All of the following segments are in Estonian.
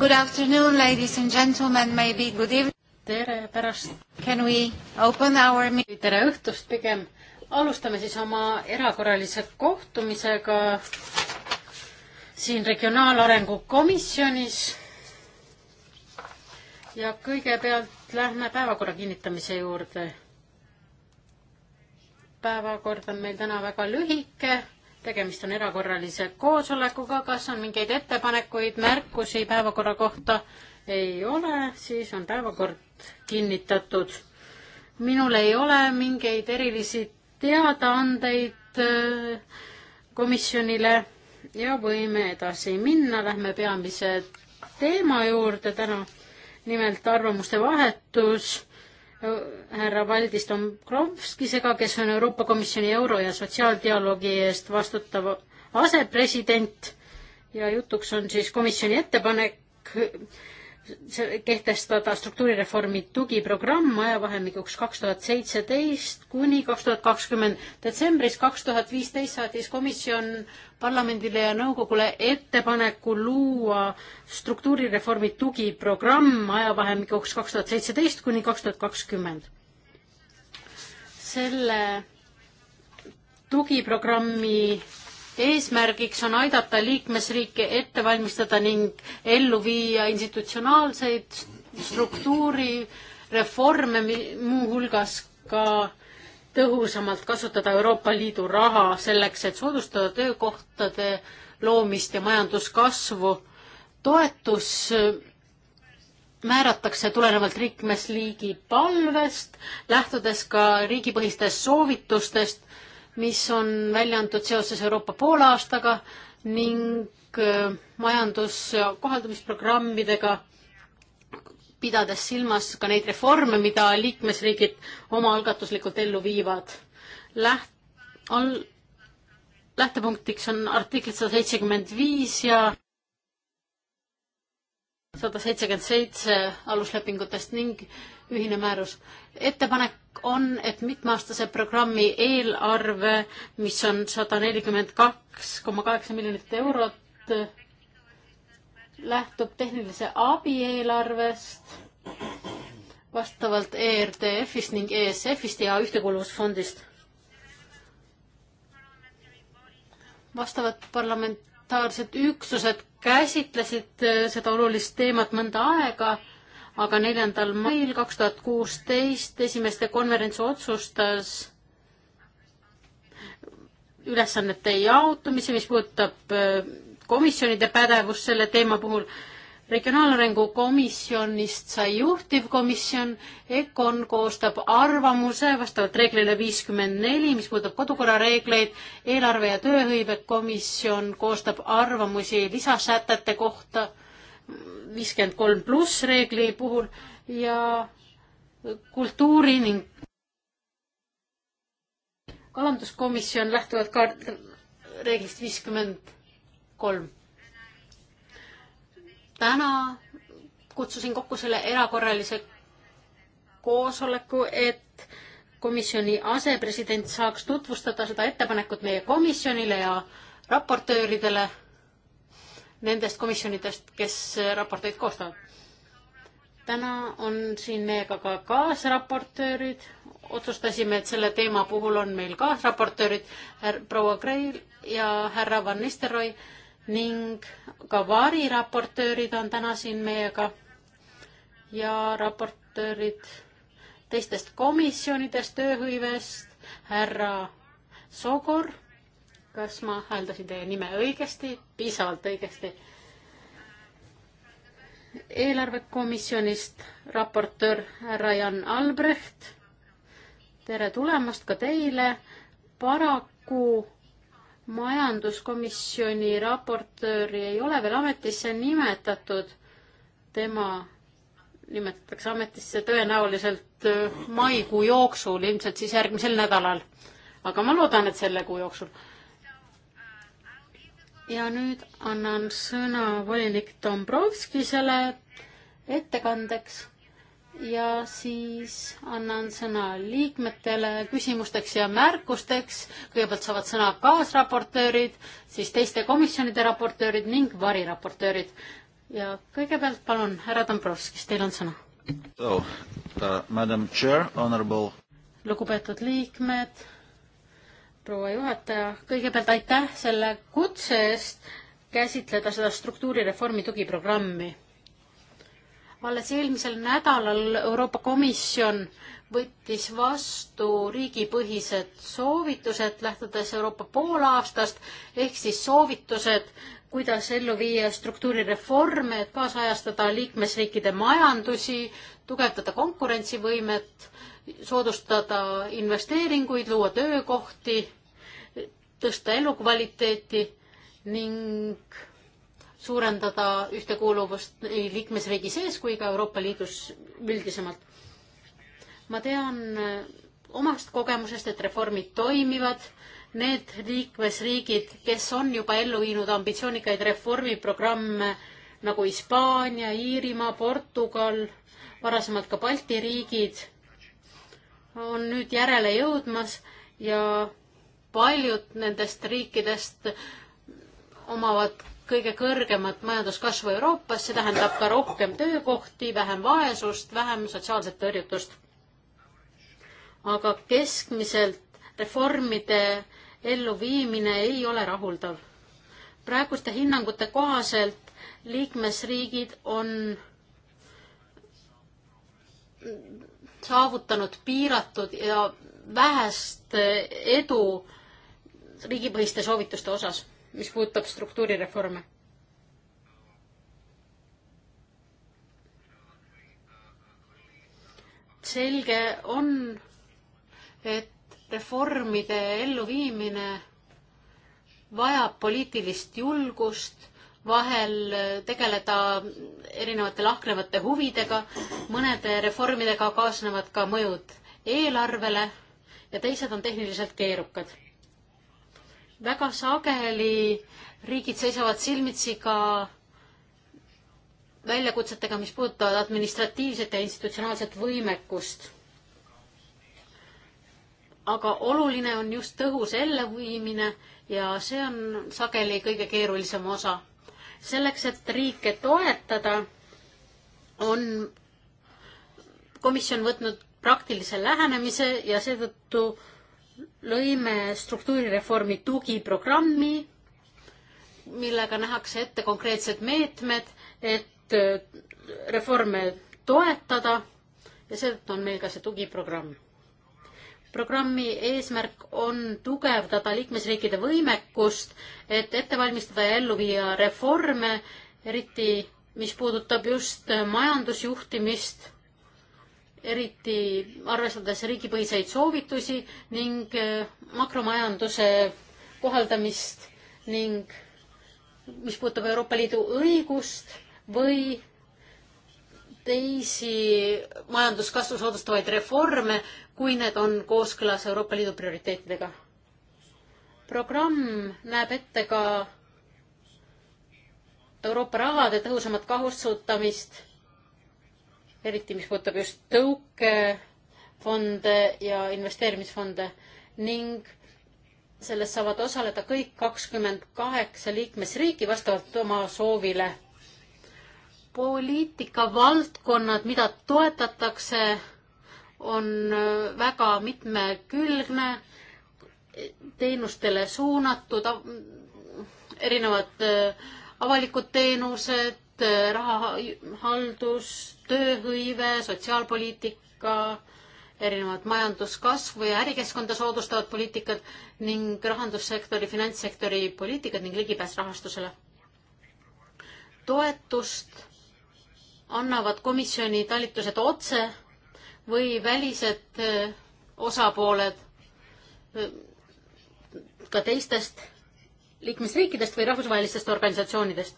Good afternoon, ladies and gentlemen, maybe good evening. tere pärast. Can we open our meeting? tere õhtust pigem. alustame siis oma erakorralise kohtumisega siin Regionaalarengu Komisjonis. ja kõigepealt lähme päevakorra kinnitamise juurde. päevakord on meil täna väga lühike tegemist on erakorralise koosolekuga, kas on mingeid ettepanekuid, märkusi päevakorra kohta? ei ole, siis on päevakord kinnitatud. minul ei ole mingeid erilisi teadaandeid äh, komisjonile ja võime edasi minna, lähme peamise teema juurde täna, nimelt arvamuste vahetus härra Valdis Dombrovskisega, kes on Euroopa Komisjoni euro- ja sotsiaaldialoogi eest vastutav asepresident ja jutuks on siis komisjoni ettepanek kehtestada struktuurireformi tugiprogramm ajavahemikuks kaks tuhat seitseteist kuni kaks tuhat kakskümmend. detsembris kaks tuhat viisteist saatis komisjon parlamendile ja nõukogule ettepaneku luua struktuurireformi tugiprogramm ajavahemikuks kaks tuhat seitseteist kuni kaks tuhat kakskümmend. selle tugiprogrammi eesmärgiks on aidata liikmesriike ette valmistada ning ellu viia institutsionaalseid struktuurireforme, muuhulgas ka tõhusamalt kasutada Euroopa Liidu raha selleks, et soodustada töökohtade loomist ja majanduskasvu. toetus määratakse tulenevalt liikmesliigi palvest, lähtudes ka riigipõhistest soovitustest mis on välja antud seoses Euroopa poolaastaga ning äh, majandus- ja kohaldumisprogrammidega, pidades silmas ka neid reforme, mida liikmesriigid omaalgatuslikult ellu viivad. Läht-, al-, lähtepunktiks on artiklid sada seitsekümmend viis ja sada seitsekümmend seitse aluslepingutest ning ühine määrus. ettepanek on, et mitmeaastase programmi eelarve, mis on sada nelikümmend kaks koma kaheksa miljonit eurot, lähtub tehnilise abi eelarvest vastavalt ERDF-ist ning ESF-ist ja Ühtekuuluvusfondist. vastavad parlamentaarsed üksused käsitlesid äh, seda olulist teemat mõnda aega aga neljandal mail kaks tuhat kuusteist esimeste konverents otsustas ülesannete jaotumise, mis puudutab äh, komisjonide pädevust selle teema puhul. regionaalarengu komisjonist sai juhtivkomisjon, EKOn koostab arvamuse vastavalt reeglile viiskümmend neli, mis puudutab kodukorrareegleid, eelarve- ja tööhõivekomisjon koostab arvamusi lisasätete kohta viiskümmend kolm pluss reegli puhul ja kultuuri ning kalanduskomisjon lähtuvalt ka reeglist viiskümmend kolm. täna kutsusin kokku selle erakorralise koosoleku, et komisjoni asepresident saaks tutvustada seda ettepanekut meie komisjonile ja raportööridele nendest komisjonidest, kes raporteid koostavad. täna on siin meiega ka kaasraportöörid, otsustasime, et selle teema puhul on meil kaasraportöörid proua Kreil ja härra Van Nistelrooy ning ka variraportöörid on täna siin meiega ja raportöörid teistest komisjonidest, tööhõivest, härra Sogor kas ma hääldasin teie nime õigesti, piisavalt õigesti? eelarvekomisjonist raportöör härra Jan Albrecht. tere tulemast ka teile. paraku majanduskomisjoni raportööri ei ole veel ametisse nimetatud. tema nimetatakse ametisse tõenäoliselt äh, maikuu jooksul, ilmselt siis järgmisel nädalal. aga ma loodan, et selle kuu jooksul ja nüüd annan sõna volinik Dombrovskisele ettekandeks ja siis annan sõna liikmetele küsimusteks ja märkusteks. kõigepealt saavad sõna kaasraportöörid, siis teiste komisjonide raportöörid ning variraportöörid. ja kõigepealt palun, härra Dombrovskis, teil on sõna. So, uh, Madam Chair, Honorable. lugupeetud liikmed proua juhataja, kõigepealt aitäh selle kutse eest käsitleda seda struktuurireformi tugiprogrammi. alles eelmisel nädalal Euroopa Komisjon võttis vastu riigipõhised soovitused, lähtudes Euroopa poolaastast, ehk siis soovitused, kuidas ellu viia struktuurireforme, et kaasajastada liikmesriikide majandusi, tugevdada konkurentsivõimet soodustada investeeringuid, luua töökohti, tõsta elukvaliteeti ning suurendada ühtekuuluvust nii liikmesriigi sees kui ka Euroopa Liidus üldisemalt. ma tean omast kogemusest, et reformid toimivad. Need liikmesriigid, kes on juba ellu viinud ambitsioonikaid reformiprogramme nagu Hispaania, Iirimaa, Portugal, varasemalt ka Balti riigid on nüüd järele jõudmas ja paljud nendest riikidest omavad kõige kõrgemat majanduskasvu Euroopas, see tähendab ka rohkem töökohti, vähem vaesust, vähem sotsiaalset tõrjutust. aga keskmiselt reformide elluviimine ei ole rahuldav. praeguste hinnangute kohaselt liikmesriigid on saavutanud piiratud ja vähest edu riigipõhiste soovituste osas, mis puudutab struktuurireforme. selge on, et reformide elluviimine vajab poliitilist julgust vahel äh, tegeleda erinevate lahknevate huvidega, mõnede reformidega kaasnevad ka mõjud eelarvele ja teised on tehniliselt keerukad. väga sageli riigid seisavad silmitsi ka väljakutsetega, mis puudutavad administratiivset ja institutsionaalset võimekust. aga oluline on just tõhus elluviimine ja see on sageli kõige keerulisem osa selleks, et riike toetada, on komisjon võtnud praktilise lähenemise ja seetõttu lõime struktuurireformi tugiprogrammi, millega nähakse ette konkreetsed meetmed, et äh, reforme toetada ja seetõttu on meil ka see tugiprogramm programmi eesmärk on tugevdada liikmesriikide võimekust, et ette valmistada ja ellu viia reforme, eriti mis puudutab just majandusjuhtimist, eriti arvestades riigipõhiseid soovitusi ning äh, makromajanduse kohaldamist ning mis puudutab Euroopa Liidu õigust või teisi majanduskasvu soodustavaid reforme, kui need on kooskõlas Euroopa Liidu prioriteetidega. programm näeb ette ka Euroopa rahade tõhusamat kasutamist, eriti mis puudutab just tõukefonde ja investeerimisfonde ning sellest saavad osaleda kõik kakskümmend kaheksa liikmesriiki vastavalt oma soovile poliitikavaldkonnad, mida toetatakse, on äh, väga mitmekülgne, teenustele suunatud, erinevad äh, avalikud teenused, äh, rahahaldus, tööhõive, sotsiaalpoliitika, erinevad majanduskasvu ja ärikeskkonda soodustavad poliitikad ning rahandussektori, finantssektori poliitikad ning ligipääs rahastusele. toetust annavad komisjoni talitused otse või välised eh, osapooled eh, ka teistest liikmesriikidest või rahvusvahelistest organisatsioonidest.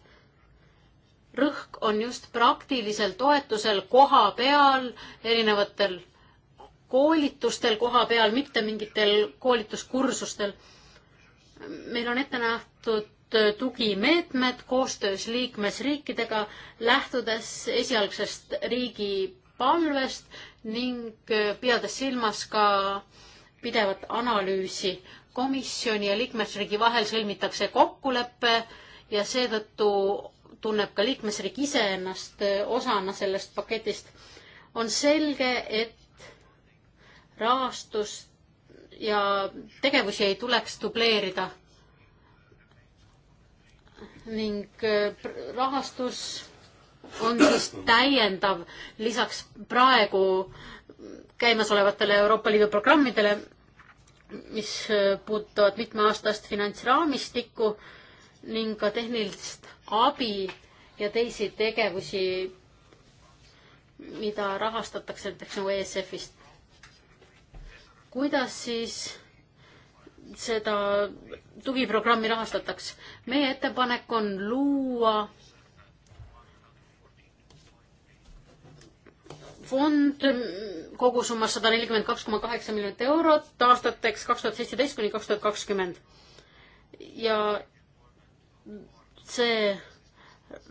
rõhk on just praktilisel toetusel koha peal, erinevatel koolitustel koha peal, mitte mingitel koolituskursustel. meil on ette nähtud tugimeetmed koostöös liikmesriikidega, lähtudes esialgsest riigi palvest ning äh, pidades silmas ka pidevat analüüsi. komisjoni ja liikmesriigi vahel sõlmitakse kokkulepe ja seetõttu tunneb ka liikmesriik ise ennast äh, osana sellest paketist. on selge, et rahastust ja tegevusi ei tuleks dubleerida ning äh, rahastus on siis täiendav lisaks praegu käimasolevatele Euroopa Liidu programmidele, mis äh, puudutavad mitmeaastast finantsraamistikku ning ka tehnilist abi ja teisi tegevusi, mida rahastatakse näiteks nagu ESF-ist. kuidas siis seda tugiprogrammi rahastataks. meie ettepanek on luua fond kogusummas sada nelikümmend kaks koma kaheksa miljonit eurot aastateks kaks tuhat seitseteist kuni kaks tuhat kakskümmend. ja see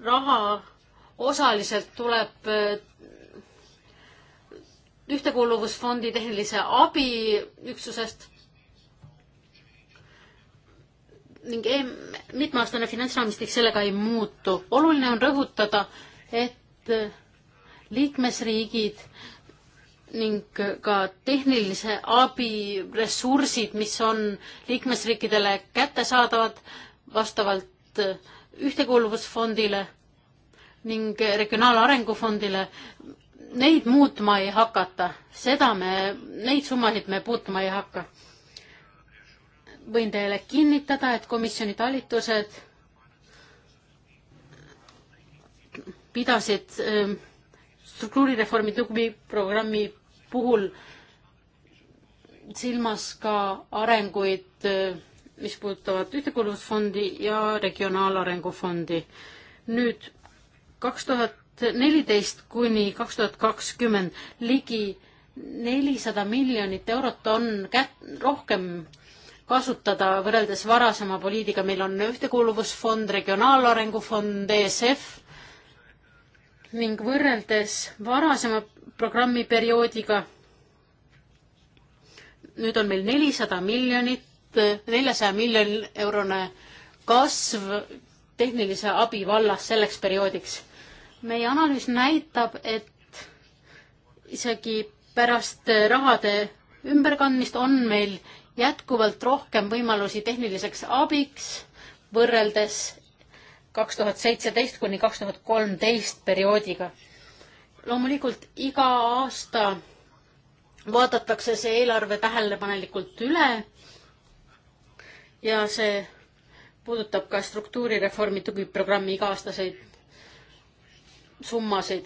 raha osaliselt tuleb äh, ühtekuuluvusfondi tehnilise abi üksusest ning mitmeaastane finantsraamistik sellega ei muutu. oluline on rõhutada, et liikmesriigid ning ka tehnilise abi ressursid, mis on liikmesriikidele kättesaadavad vastavalt ühtekuuluvusfondile ning regionaalarengu fondile, neid muutma ei hakata, seda me, neid summasid me puutuma ei hakka võin teile kinnitada, et komisjoni talitused pidasid ähm, struktuurireformi tugiprogrammi puhul silmas ka arenguid, äh, mis puudutavad Ühtekuuluvusfondi ja Regionaalarengu Fondi. nüüd kaks tuhat neliteist kuni kaks tuhat kakskümmend ligi nelisada miljonit eurot on kät-, rohkem kasutada võrreldes varasema poliitiga, meil on Ühtekuuluvusfond, Regionaalarengu Fond, ESF ning võrreldes varasema programmiperioodiga, nüüd on meil nelisada miljonit, neljasaja miljoni eurone kasv tehnilise abi vallas selleks perioodiks. meie analüüs näitab, et isegi pärast rahade ümberkandmist, on meil jätkuvalt rohkem võimalusi tehniliseks abiks võrreldes kaks tuhat seitseteist kuni kaks tuhat kolmteist perioodiga. loomulikult iga aasta vaadatakse see eelarve tähelepanelikult üle ja see puudutab ka struktuurireformi tugiprogrammi iga-aastaseid summasid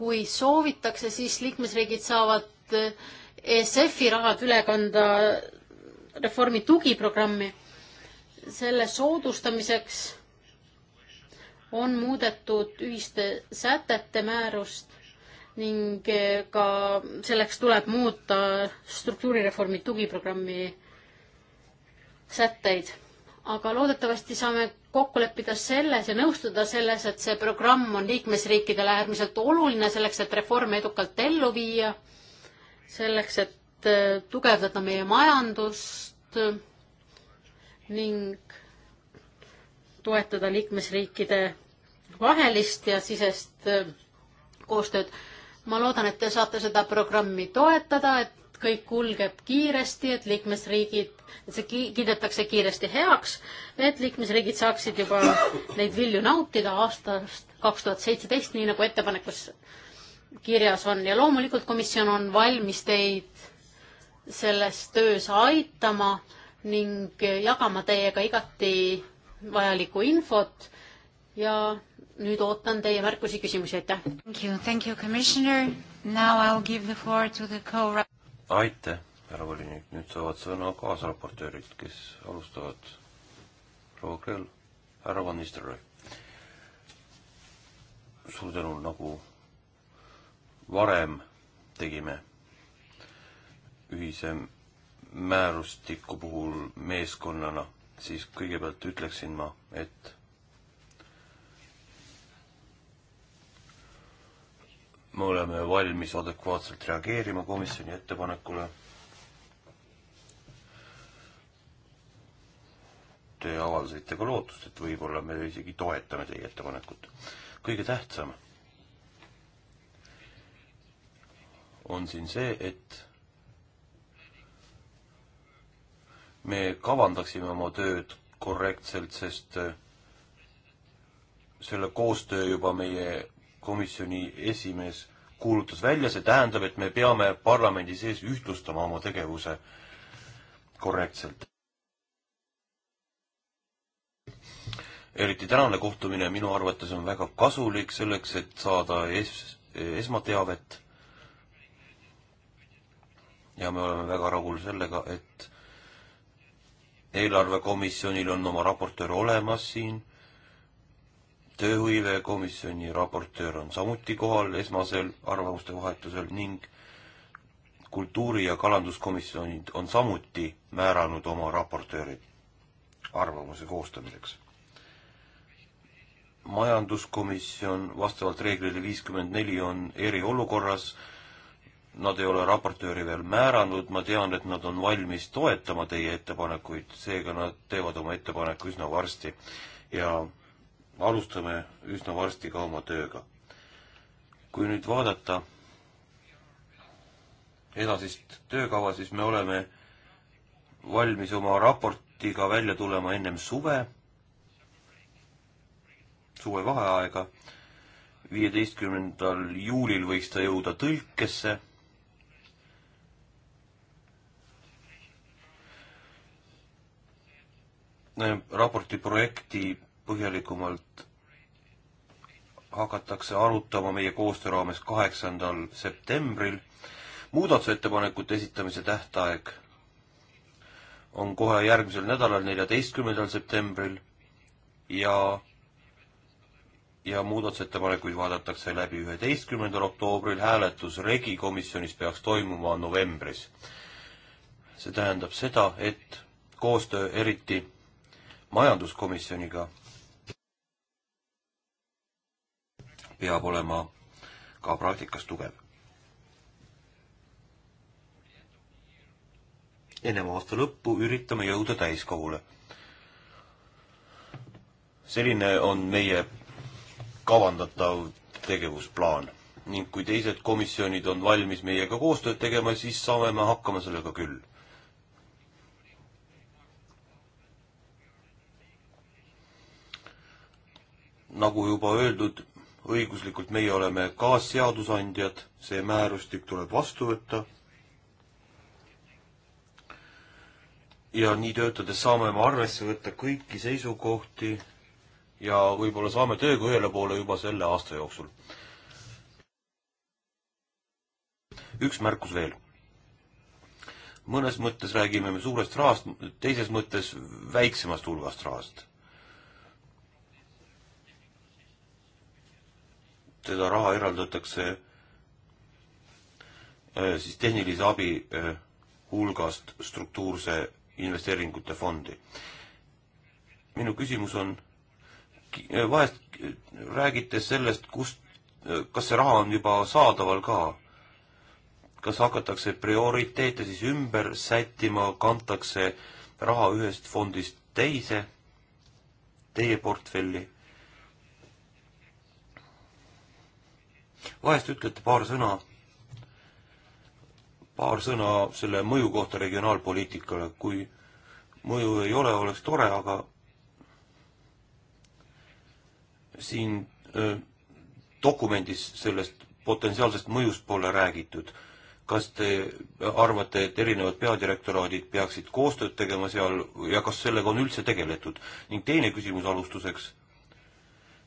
kui soovitakse, siis liikmesriigid saavad eh, ESF-i rahad üle kanda reformi tugiprogrammi. selle soodustamiseks on muudetud ühiste sätete määrust ning eh, ka selleks tuleb muuta struktuurireformi tugiprogrammi sätteid. aga loodetavasti saame kokku leppida selles ja nõustuda selles, et see programm on liikmesriikidele äärmiselt oluline selleks, et reforme edukalt ellu viia, selleks, et äh, tugevdada meie majandust ning toetada liikmesriikide vahelist ja sisest äh, koostööd. ma loodan, et te saate seda programmi toetada, et kõik kulgeb kiiresti, et liikmesriigid et see kiidetakse kiiresti heaks, et liikmesriigid saaksid juba neid vilju nautida aastast kaks tuhat seitseteist, nii nagu ettepanekus kirjas on ja loomulikult komisjon on valmis teid selles töös aitama ning jagama teiega igati vajalikku infot ja nüüd ootan teie märkusi, küsimusi, aitäh! aitäh! härra volinik, nüüd saavad sõna kaasraportöörid, kes alustavad. proua Krell, härra Van Nistelrooy. suur tänu, nagu varem tegime ühise määrustiku puhul meeskonnana, siis kõigepealt ütleksin ma, et me oleme valmis adekvaatselt reageerima komisjoni ettepanekule te avaldasite ka lootust, et võib-olla me isegi toetame teie ettepanekut. kõige tähtsam on siin see, et me kavandaksime oma tööd korrektselt, sest äh, selle koostöö juba meie komisjoni esimees kuulutas välja, see tähendab, et me peame parlamendi sees ühtlustama oma tegevuse korrektselt. eriti tänane kohtumine minu arvates on väga kasulik selleks, et saada es-, esmateavet. ja me oleme väga rahul sellega, et eelarvekomisjonil on oma raportöör olemas siin, tööhõivekomisjoni raportöör on samuti kohal esmasel arvamuste vahetusel ning kultuuri- ja kalanduskomisjonid on samuti määranud oma raportöörid arvamuse koostamiseks majanduskomisjon vastavalt reeglile viiskümmend neli on eriolukorras, nad ei ole raportööri veel määranud, ma tean, et nad on valmis toetama teie ettepanekuid, seega nad teevad oma ettepaneku üsna varsti ja alustame üsna varsti ka oma tööga. kui nüüd vaadata edasist töökava, siis me oleme valmis oma raportiga välja tulema ennem suve suvevaheaega. viieteistkümnendal juulil võiks ta jõuda tõlkesse. raporti projekti põhjalikumalt hakatakse arutama meie koostöö raames kaheksandal septembril. muudatusettepanekute esitamise tähtaeg on kohe järgmisel nädalal, neljateistkümnendal septembril ja ja muudatusettepanekuid vaadatakse läbi üheteistkümnendal oktoobril, hääletus Regi komisjonis peaks toimuma novembris. see tähendab seda, et koostöö eriti majanduskomisjoniga peab olema ka praktikas tugev. ennem aasta lõppu üritame jõuda täiskogule. selline on meie kavandatav tegevusplaan ning kui teised komisjonid on valmis meiega koostööd tegema, siis saame me hakkama sellega küll. nagu juba öeldud, õiguslikult meie oleme kaasseadusandjad, see määrustik tuleb vastu võtta. ja nii töötades saame me arvesse võtta kõiki seisukohti ja võib-olla saame tööga ühele poole juba selle aasta jooksul. üks märkus veel. mõnes mõttes räägime me suurest rahast, teises mõttes väiksemast hulgast rahast. seda raha eraldatakse äh, siis tehnilise abi äh, hulgast struktuurse investeeringute fondi. minu küsimus on vahest räägite sellest, kust, kas see raha on juba saadaval ka? kas hakatakse prioriteete siis ümber sättima, kantakse raha ühest fondist teise, teie portfelli? vahest ütlete paar sõna, paar sõna selle mõju kohta regionaalpoliitikale, kui mõju ei ole, oleks tore, aga siin öö, dokumendis sellest potentsiaalsest mõjust pole räägitud. kas te arvate, et erinevad peadirektoraadid peaksid koostööd tegema seal ja kas sellega on üldse tegeletud? ning teine küsimus alustuseks.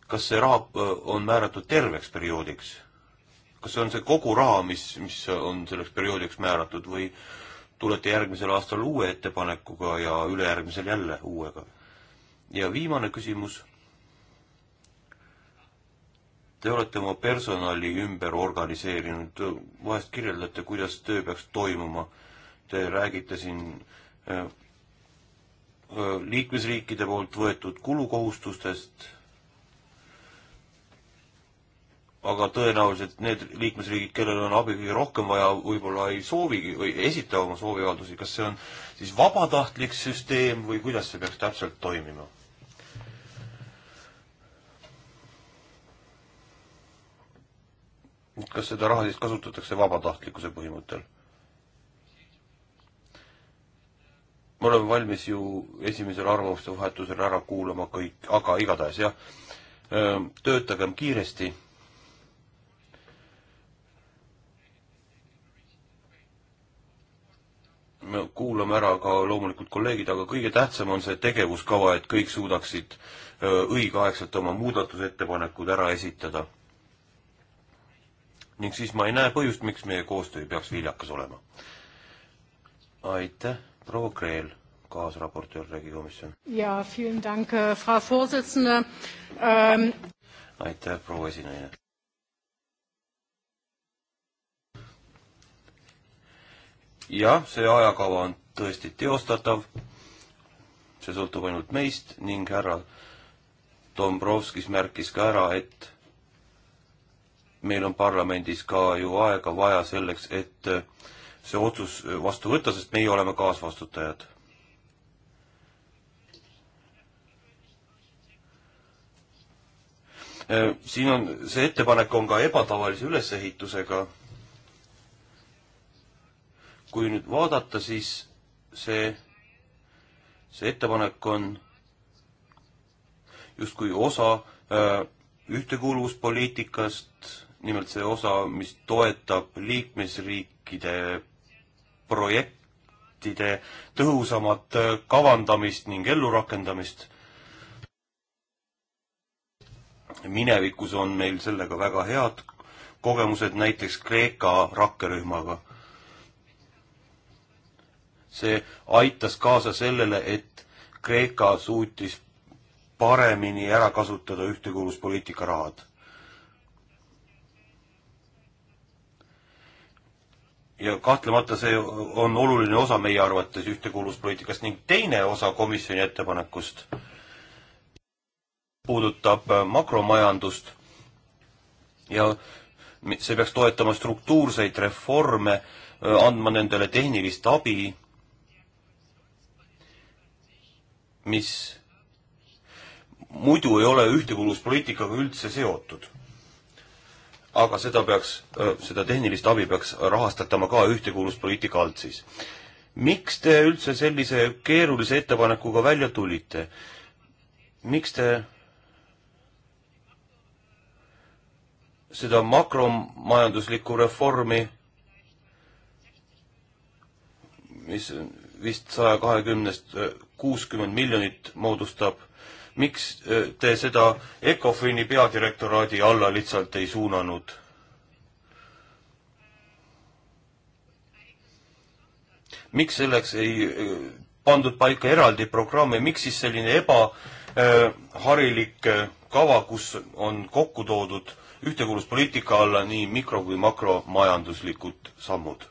kas see raha on määratud terveks perioodiks? kas see on see kogu raha, mis, mis on selleks perioodiks määratud või tulete järgmisel aastal uue ettepanekuga ja ülejärgmisel jälle uuega? ja viimane küsimus Te olete oma personali ümber organiseerinud, vahest kirjeldate, kuidas töö peaks toimuma. Te räägite siin äh, äh, liikmesriikide poolt võetud kulukohustustest, aga tõenäoliselt need liikmesriigid, kellel on abi kõige rohkem vaja, võib-olla ei soovigi või ei esita oma sooviavaldusi, kas see on siis vabatahtlik süsteem või kuidas see peaks täpselt toimima? kas seda raha siis kasutatakse vabatahtlikkuse põhimõttel? me oleme valmis ju esimesel arvamuste vahetusel ära kuulama kõik, aga igatahes jah, ehm, töötagem kiiresti. me kuulame ära ka loomulikult kolleegid, aga kõige tähtsam on see tegevuskava, et kõik suudaksid ehm, õigeaegselt oma muudatusettepanekud ära esitada ning siis ma ei näe põhjust, miks meie koostöö peaks viljakas olema. aitäh, proua Kreel, kaasraportöör Riigikomisjon. jaa, vielen dank, äh, Frau Vorsitzende ähm.... aitäh, proua esineja. jah, see ajakava on tõesti teostatav, see sõltub ainult meist ning härra Dombrovskis märkis ka ära, et meil on parlamendis ka ju aega vaja selleks, et äh, see otsus äh, vastu võtta, sest meie oleme kaasvastutajad. Äh, siin on, see ettepanek on ka ebatavalise ülesehitusega. kui nüüd vaadata, siis see, see ettepanek on justkui osa ühtekuuluvuspoliitikast nimelt see osa, mis toetab liikmesriikide projektide tõhusamat kavandamist ning ellurakendamist. minevikus on meil sellega väga head kogemused, näiteks Kreeka rakkerühmaga. see aitas kaasa sellele, et Kreeka suutis paremini ära kasutada ühtekuuluvuspoliitika rahad ja kahtlemata see on oluline osa meie arvates ühtekuuluvuspoliitikast ning teine osa komisjoni ettepanekust puudutab äh, makromajandust ja see peaks toetama struktuurseid reforme, äh, andma nendele tehnilist abi, mis muidu ei ole ühtekuuluvuspoliitikaga üldse seotud aga seda peaks, äh, seda tehnilist abi peaks rahastatama ka ühtekuuluvuspoliitika alt siis. miks te üldse sellise keerulise ettepanekuga välja tulite? miks te seda makromajanduslikku reformi, mis vist saja kahekümnest äh, kuuskümmend miljonit moodustab miks te seda Ecofini peadirektoraadi alla lihtsalt ei suunanud? miks selleks ei pandud paika eraldi programme, miks siis selline ebaharilik kava, kus on kokku toodud ühtekuuluvuspoliitika alla nii mikro- kui makromajanduslikud sammud?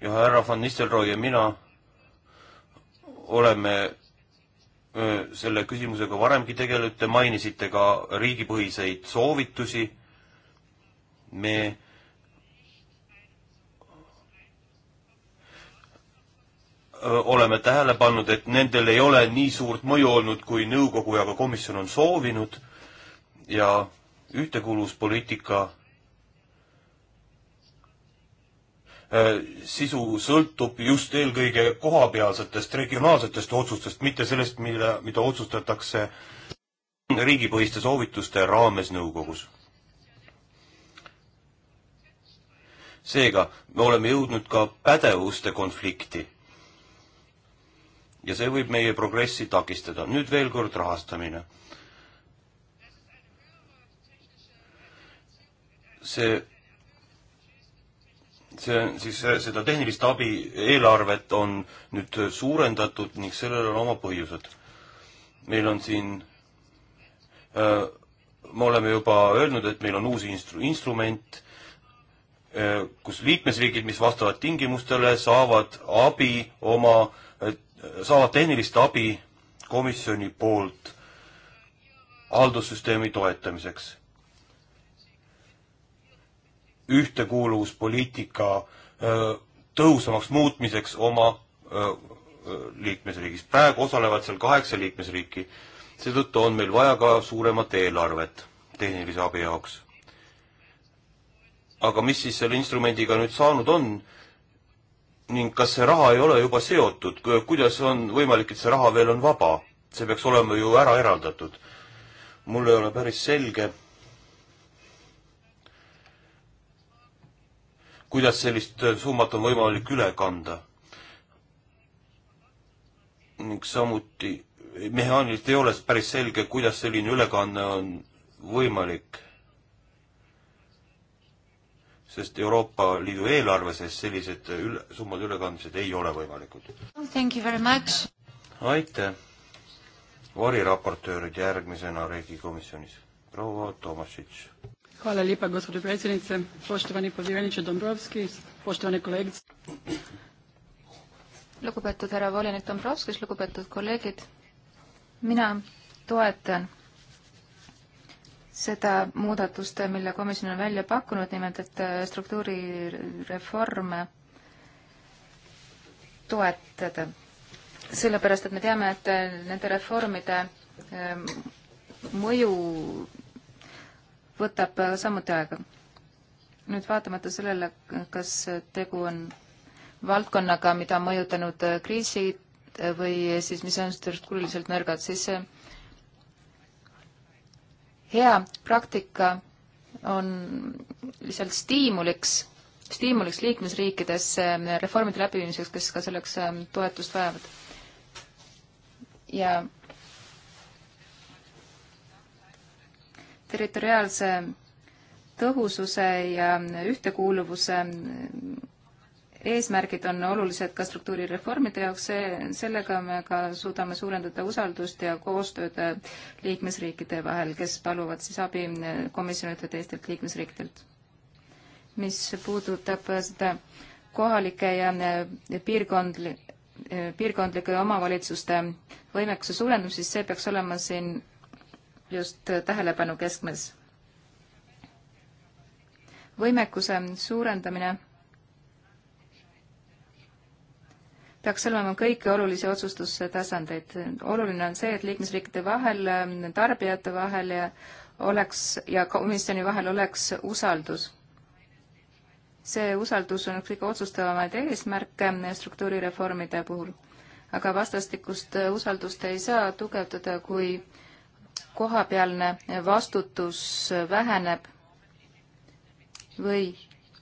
ja härra Van Nistelrooy ja mina oleme selle küsimusega varemgi tegelenud, te mainisite ka riigipõhiseid soovitusi. me oleme tähele pannud, et nendel ei ole nii suurt mõju olnud, kui nõukogu ja ka komisjon on soovinud ja ühtekuuluvuspoliitika Äh, sisu sõltub just eelkõige kohapealsetest regionaalsetest otsustest, mitte sellest, mille, mida otsustatakse riigipõhiste soovituste raames nõukogus. seega me oleme jõudnud ka pädevuste konflikti. ja see võib meie progressi takistada. nüüd veel kord rahastamine. see see on siis, seda tehnilist abi eelarvet on nüüd suurendatud ning sellel on oma põhjused. meil on siin äh,, me oleme juba öelnud, et meil on uus instru-, instrument äh,, kus liikmesriigid, mis vastavad tingimustele, saavad abi oma, saavad tehnilist abi komisjoni poolt haldussüsteemi toetamiseks ühtekuuluvuspoliitika tõhusamaks muutmiseks oma liikmesriigis. praegu osalevad seal kaheksa liikmesriiki. seetõttu on meil vaja ka suuremat eelarvet tehnilise abi jaoks. aga mis siis selle instrumendiga nüüd saanud on ning kas see raha ei ole juba seotud, kuidas on võimalik, et see raha veel on vaba? see peaks olema ju ära eraldatud. mul ei ole päris selge kuidas sellist äh, summat on võimalik üle kanda. ning samuti eh, mehaaniliselt ei ole päris selge, kuidas selline ülekanne on võimalik. sest Euroopa Liidu eelarve sees sellised äh, üle, summade ülekandmised ei ole võimalikud. aitäh! variraportöörid järgmisena Riigikomisjonis. proua Tomašitš. Hvala lijepa gospođo predsjednice, poštovani povjereniče Dombrovski, poštovane kolegice. lugupeetud härra volinik Dombrovskis, lugupeetud kolleegid, mina toetan seda muudatust, mille komisjon on välja pakkunud, nimelt et äh, struktuurireforme toetada. sellepärast, et me teame, et äh, nende reformide ähm, mõju võtab äh, samuti aega. nüüd vaatamata sellele, kas tegu on valdkonnaga, mida on mõjutanud äh, kriisid äh, või siis mis on struktuuriliselt nõrgad, siis hea praktika on lihtsalt stiimuliks, stiimuliks liikmesriikides reformide läbiviimiseks, kes ka selleks toetust vajavad. ja territoriaalse tõhususe ja ühtekuuluvuse eesmärgid on olulised ka struktuurireformide jaoks, see, sellega me ka suudame suurendada usaldust ja koostööd liikmesriikide vahel, kes paluvad siis abi komisjonilt ja teistelt liikmesriikidelt. mis puudutab seda kohalike ja piirkondli-, piirkondlike omavalitsuste võimekuse suurendamist, siis see peaks olema siin just tähelepanu keskmes. võimekuse suurendamine peaks olema kõiki olulisi otsustustasandeid. oluline on see, et liikmesriikide vahel, tarbijate vahel ja oleks ja komisjoni vahel oleks usaldus. see usaldus on üks kõige otsustavamaid eesmärke struktuurireformide puhul. aga vastastikust usaldust ei saa tugevdada, kui äh, kohapealne vastutus väheneb või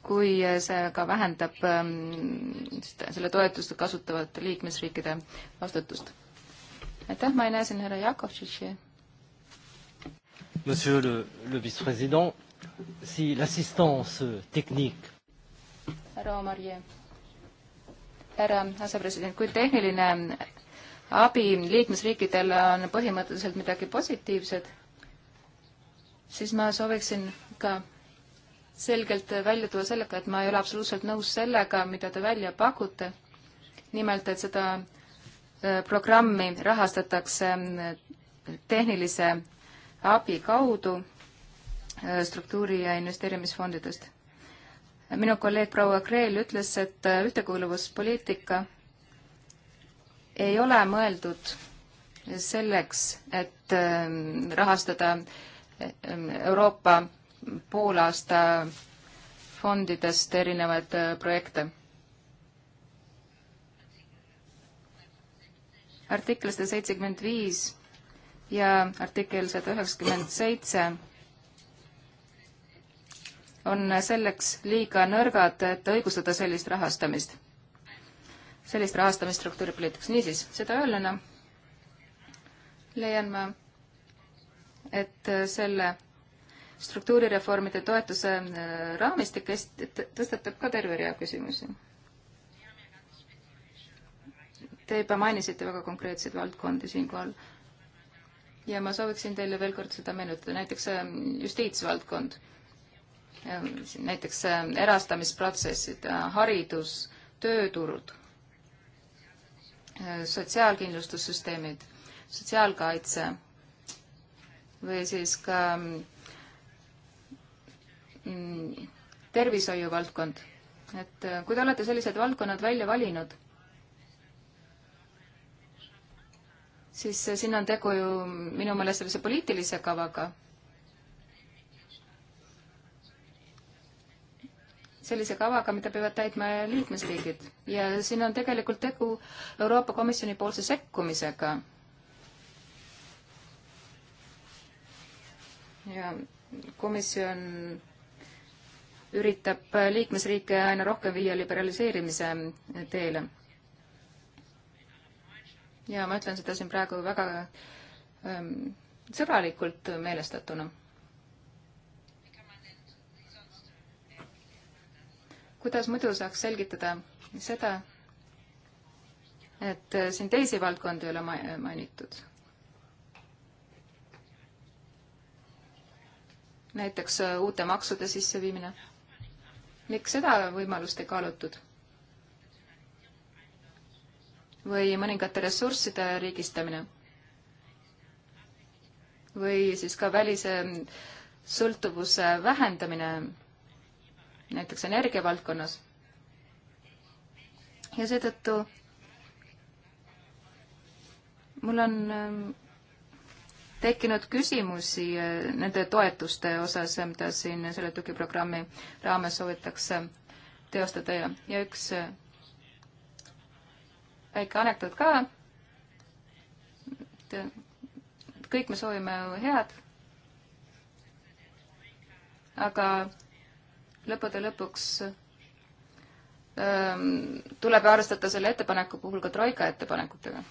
kui see ka vähendab ähm, selle toetust kasutavate liikmesriikide vastutust. aitäh, ma ei näe siin härra Jakovtšitši. Monsieur le, le vice-président, si l'assistance technique härra Omarje, härra asepresident, kui tehniline abi liikmesriikidele on põhimõtteliselt midagi positiivset, siis ma sooviksin ka selgelt välja tuua sellega, et ma ei ole absoluutselt nõus sellega, mida te välja pakute. nimelt, et seda äh, programmi rahastatakse äh, tehnilise abi kaudu äh, struktuuri- ja investeerimisfondidest. minu kolleeg proua Kreel ütles, et ühtekuuluvuspoliitika ei ole mõeldud selleks, et ähm, rahastada ähm, Euroopa poolaasta fondidest erinevaid äh, projekte. artikkel sada seitsekümmend viis ja artikkel sada üheksakümmend seitse on selleks liiga nõrgad, et õigustada sellist rahastamist sellist rahastamisstruktuuri poliitikaks. niisiis, seda öelnuna leian ma, et selle struktuurireformide toetuse äh, raamistik tõstatab ka terve rea küsimusi. Te juba mainisite väga konkreetseid valdkondi siinkohal ja ma sooviksin teile veel kord seda meenutada, näiteks äh, justiitsvaldkond, äh, näiteks erastamisprotsessid, haridus, tööturud sotsiaalkindlustussüsteemid, sotsiaalkaitse või siis ka mm, tervishoiu valdkond. et äh, kui te olete sellised valdkonnad välja valinud, siis äh, siin on tegu ju minu meelest sellise poliitilise kavaga sellise kavaga, mida peavad täitma liikmesriigid. ja siin on tegelikult tegu Euroopa Komisjoni poolse sekkumisega. ja komisjon üritab liikmesriike aina rohkem viia liberaliseerimise teele. ja ma ütlen seda siin praegu väga ähm, sõbralikult meelestatuna kuidas muidu saaks selgitada seda, et äh, siin teisi valdkondi ei ole mainitud? näiteks äh, uute maksude sisseviimine. miks seda võimalust ei kaalutud? või mõningate ressursside riigistamine? või siis ka välise mm, sõltuvuse vähendamine näiteks energiavaldkonnas. ja seetõttu mul on ähm, tekkinud küsimusi äh, nende toetuste osas, mida siin selle tugiprogrammi raames soovitakse teostada ja, ja üks äh, väike anekdoot ka. et kõik me soovime head, aga lõppude lõpuks ähm, tuleb arvestada selle ettepaneku puhul ka Troika ettepanekutega.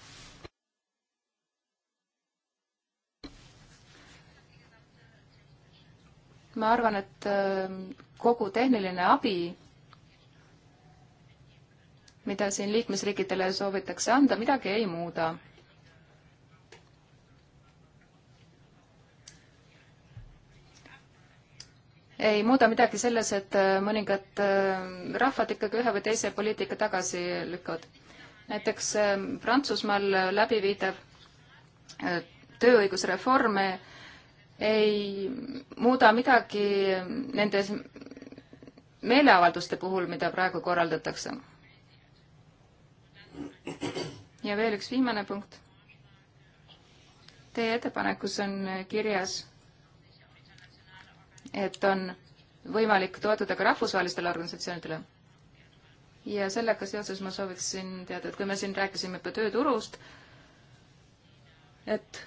ma arvan, et ähm, kogu tehniline abi, mida siin liikmesriikidele soovitakse anda, midagi ei muuda ei muuda midagi selles, et äh, mõningad äh, rahvad ikkagi ühe või teise poliitika tagasi lükkavad. näiteks äh, Prantsusmaal läbiviidav tööõigusreform ei muuda midagi nendes meeleavalduste puhul, mida praegu korraldatakse. ja veel üks viimane punkt. Teie ettepanekus on kirjas et on võimalik toetuda ka rahvusvahelistele organisatsioonidele. ja sellega seoses ma sooviksin teada, et kui me siin rääkisime juba tööturust, et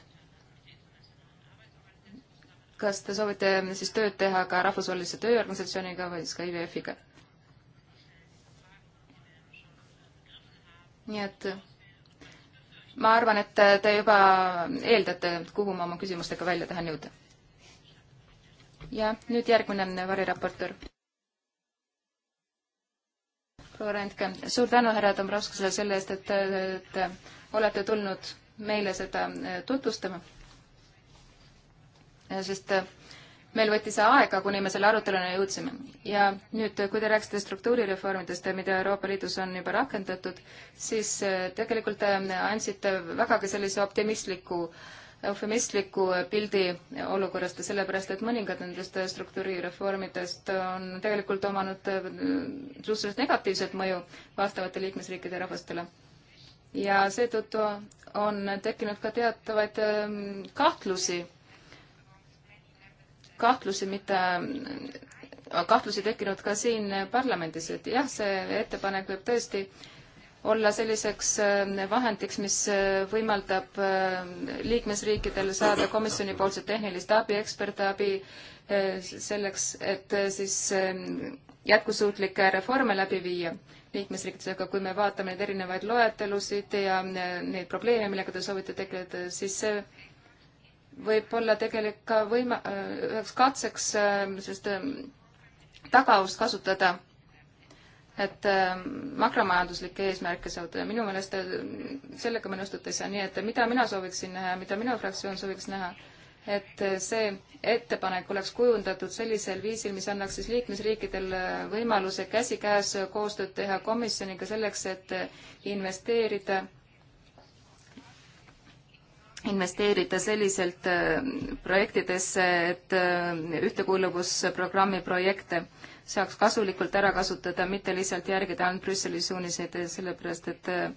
kas te soovite siis tööd teha ka Rahvusvahelise Tööorganisatsiooniga või siis ka IWF-iga? nii et ma arvan, et te juba eeldate, kuhu ma oma küsimustega välja tahan jõuda ja nüüd järgmine variraportöör. proua Randke, suur tänu, härra Dombrovskisele selle eest, et, et olete tulnud meile seda äh, tutvustama. sest äh, meil võttis aega, kuni me selle aruteluni jõudsime. ja nüüd, kui te rääkisite struktuurireformidest, mida Euroopa Liidus on juba rakendatud, siis äh, tegelikult te andsite vägagi sellise optimistliku äh, eufemistliku pildi olukorrast ja sellepärast, et mõningad nendest struktuurireformidest on tegelikult omanud äh, suhteliselt negatiivset mõju vastavate liikmesriikide rahvastele. ja seetõttu on tekkinud ka teatavaid ähm, kahtlusi, kahtlusi, mitte äh, kahtlusi tekkinud ka siin parlamendis, et jah, see ettepanek võib tõesti äh, olla selliseks äh, vahendiks, mis äh, võimaldab äh, liikmesriikidel saada komisjonipoolset tehnilist abi, ekspertabi selleks, et siis ähm, jätkusuutlikke reforme läbi viia liikmesriikides, aga kui me vaatame neid erinevaid loetelusid ja neid probleeme, millega te soovite tegeleda, siis see võib olla tegelik ka võima-, üheks katseks sellist ähm, tagaust kasutada et ähm, makromajanduslikke eesmärke saavutada. minu meelest äh, sellega me nõustuda ei saa, nii et mida mina sooviksin näha, mida minu fraktsioon sooviks näha, et äh, see ettepanek oleks kujundatud sellisel viisil, mis annaks siis liikmesriikidel äh, võimaluse käsikäes koostööd teha komisjoniga selleks, et investeerida investeerida selliselt äh, projektidesse, et äh, ühtekuuluvusprogrammi projekte saaks kasulikult ära kasutada, mitte lihtsalt järgida ainult Brüsseli suuniseid, sellepärast et äh,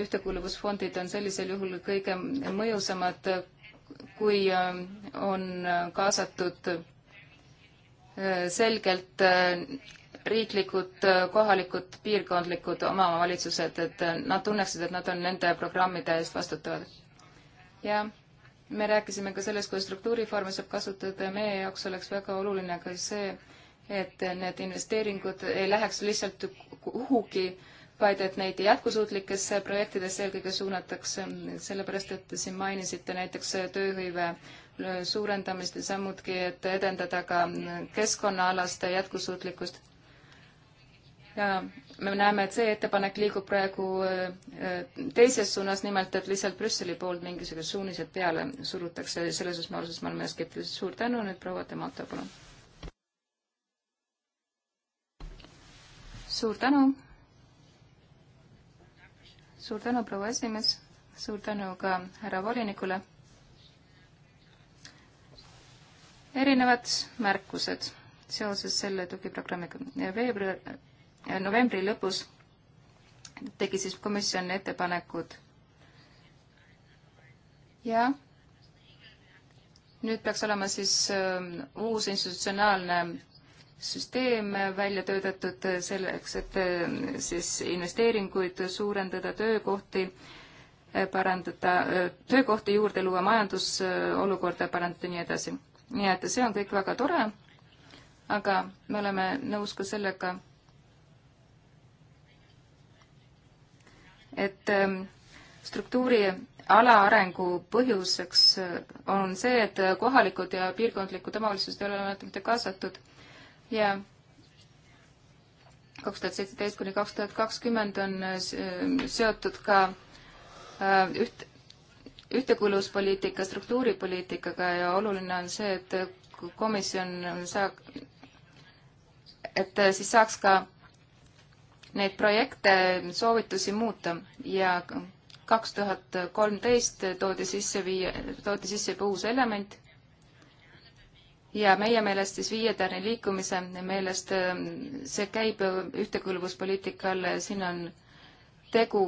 ühtekuuluvusfondid on sellisel juhul kõige mõjusamad, kui on kaasatud selgelt riiklikud, kohalikud, piirkondlikud omavalitsused, et nad tunneksid, et nad on nende programmide eest vastutavad ja me rääkisime ka sellest, kui struktuurifoorme saab kasutada ja meie jaoks oleks väga oluline ka see, et need investeeringud ei läheks lihtsalt kuhugi, vaid et neid jätkusuutlikesse projektidesse eelkõige suunatakse, sellepärast et siin mainisite näiteks tööhõive suurendamist ja samuti, et edendada ka keskkonnaalaste jätkusuutlikkust. ja me näeme, et see ettepanek liigub praegu äh, äh, teises suunas, nimelt et lihtsalt Brüsseli poolt mingisugused suunised peale surutakse, selles osas ma ausalt, me oleme skeptilised. suur tänu, nüüd proua Demato, palun. suur tänu. suur tänu, proua esimees. suur tänu ka härra volinikule. erinevad märkused seoses selle tugiprogrammiga. veebruar Eh, novembri lõpus tegi siis komisjon ettepanekud. ja nüüd peaks olema siis eh, uus institutsionaalne süsteem välja töötatud selleks, et eh, siis investeeringuid suurendada, töökohti parandada, töökohti juurde luua, majandusolukorda parandada ja nii edasi. nii et see on kõik väga tore, aga me oleme nõus ka sellega, et ähm, struktuuri alaarengu põhjuseks äh, on see, et äh, kohalikud ja piirkondlikud omavalitsused ei ole alati mitte kaasatud ja kaks tuhat seitseteist kuni kaks tuhat kakskümmend on äh, seotud ka üht, ühtekuuluvuspoliitika struktuuripoliitikaga ja oluline on see, et komisjon saab, et siis saaks ka neid projekte, soovitusi muuta ja kaks tuhat kolmteist toodi sisse viie, toodi sisse juba uus element ja meie meelest siis viietärni liikumise meelest ähm, see käib ühtekuuluvuspoliitikal, äh, siin on tegu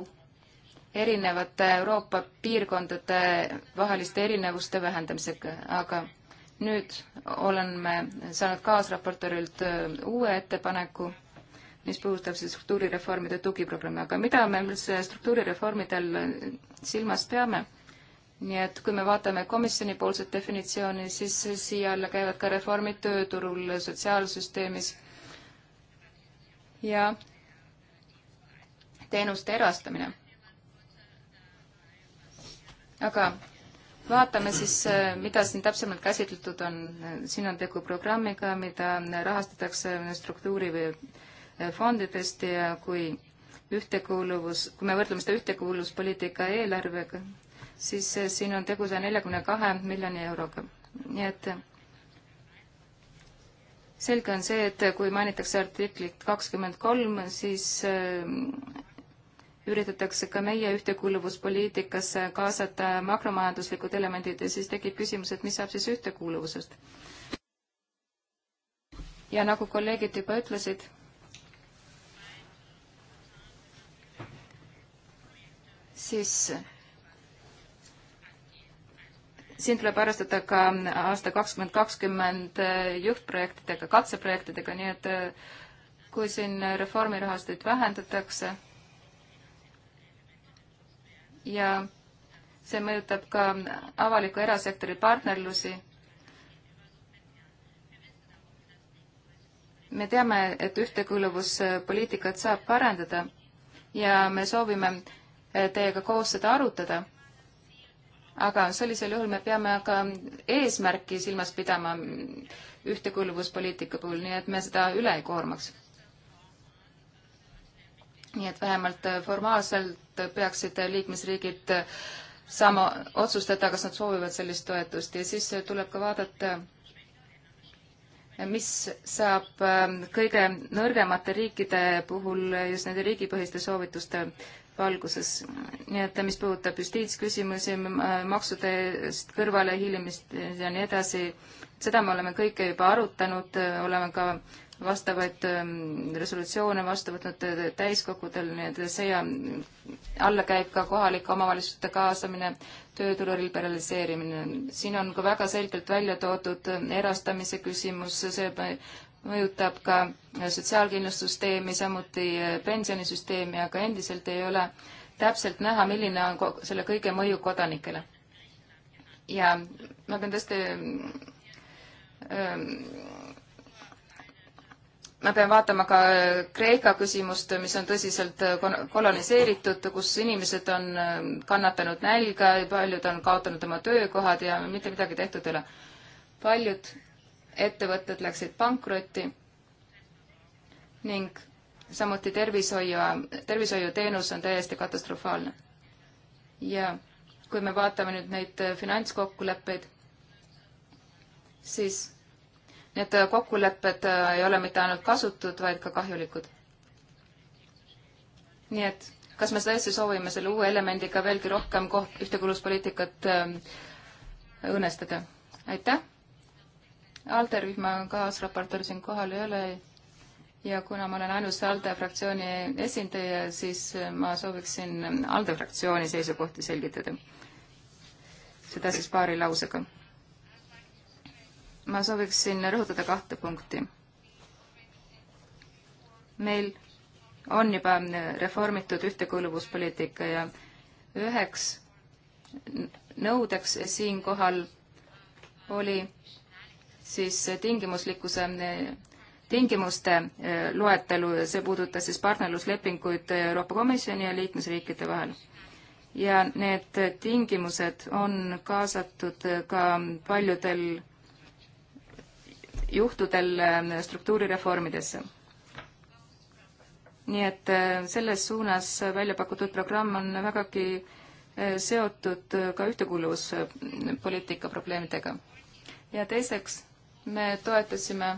erinevate Euroopa piirkondade vaheliste erinevuste vähendamisega, aga nüüd oleme saanud kaasraportöörilt äh, uue ettepaneku mis puudutab siis struktuurireformide tugiprogrammi, aga mida me üldse struktuurireformidel silmas peame? nii et kui me vaatame komisjoni poolset definitsiooni, siis siia alla käivad ka reformid tööturul, sotsiaalsüsteemis ja teenuste erastamine. aga vaatame siis, mida siin täpsemalt käsitletud on. siin on tegu programmiga, mida rahastatakse struktuuri või fondidest ja kui ühtekuuluvus, kui me võrdleme seda ühtekuuluvuspoliitika eelarvega, siis siin on tegu saja neljakümne kahe miljoni euroga. nii et selge on see, et kui mainitakse artiklit kakskümmend kolm, siis äh, üritatakse ka meie ühtekuuluvuspoliitikasse kaasata makromajanduslikud elemendid ja siis tekib küsimus, et mis saab siis ühtekuuluvusest. ja nagu kolleegid juba ütlesid siis siin tuleb arvestada ka aasta kakskümmend kakskümmend juhtprojektidega, katseprojektidega, nii et äh, kui siin reformirahastuid vähendatakse ja see mõjutab ka avaliku erasektori partnerlusi. me teame, et ühtekuuluvuspoliitikat saab parandada ja me soovime teiega koos seda arutada. aga sellisel juhul me peame ka eesmärki silmas pidama ühtekuuluvuspoliitika puhul, nii et me seda üle ei koormaks. nii et vähemalt formaalselt peaksid liikmesriigid saama otsustada, kas nad soovivad sellist toetust ja siis tuleb ka vaadata, mis saab äh, kõige nõrgemate riikide puhul just nende riigipõhiste soovituste valguses. nii et mis puudutab justiitsküsimusi, maksudest kõrvalehiilimist ja nii edasi, seda me oleme kõike juba arutanud, oleme ka vastavaid resolutsioone vastu võtnud täiskogudel, nii et see alla käib ka kohalike omavalitsuste kaasamine, tööturu liberaliseerimine. siin on ka väga selgelt välja toodud erastamise küsimus, see mõjutab ka sotsiaalkindlustussüsteemi, samuti pensionisüsteemi, aga endiselt ei ole täpselt näha, milline on selle kõige mõju kodanikele. ja ma pean tõesti ähm, ma pean vaatama ka Kreeka küsimust, mis on tõsiselt koloniseeritud, kus inimesed on ähm, kannatanud nälga ja paljud on kaotanud oma töökohad ja mitte midagi tehtud ei ole. paljud ettevõtted läksid pankrotti ning samuti tervishoiu, tervishoiuteenus on täiesti katastrofaalne. ja kui me vaatame nüüd neid finantskokkuleppeid, siis need kokkulepped ei ole mitte ainult kasutud, vaid ka kahjulikud. nii et kas me tõesti soovime selle uue elemendiga veelgi rohkem koht, ühtekuuluvuspoliitikat ähm, õõnestada? aitäh! ALDE rühma kaasraportöör siin kohal ei ole ja kuna ma olen ainus ALDE fraktsiooni esindaja, siis ma sooviksin ALDE fraktsiooni seisukohti selgitada. seda siis paari lausega. ma sooviksin rõhutada kahte punkti. meil on juba reformitud ühtekuuluvuspoliitika ja üheks nõudeks siinkohal oli siis tingimuslikkuse, tingimuste eh, loetelu, see puudutas siis partnerluslepinguid Euroopa Komisjoni ja liikmesriikide vahel. ja need tingimused on kaasatud ka paljudel juhtudel eh, struktuurireformidesse. nii et eh, selles suunas välja pakutud programm on vägagi seotud ka ühtekuuluvuspoliitika probleemidega. ja teiseks me toetasime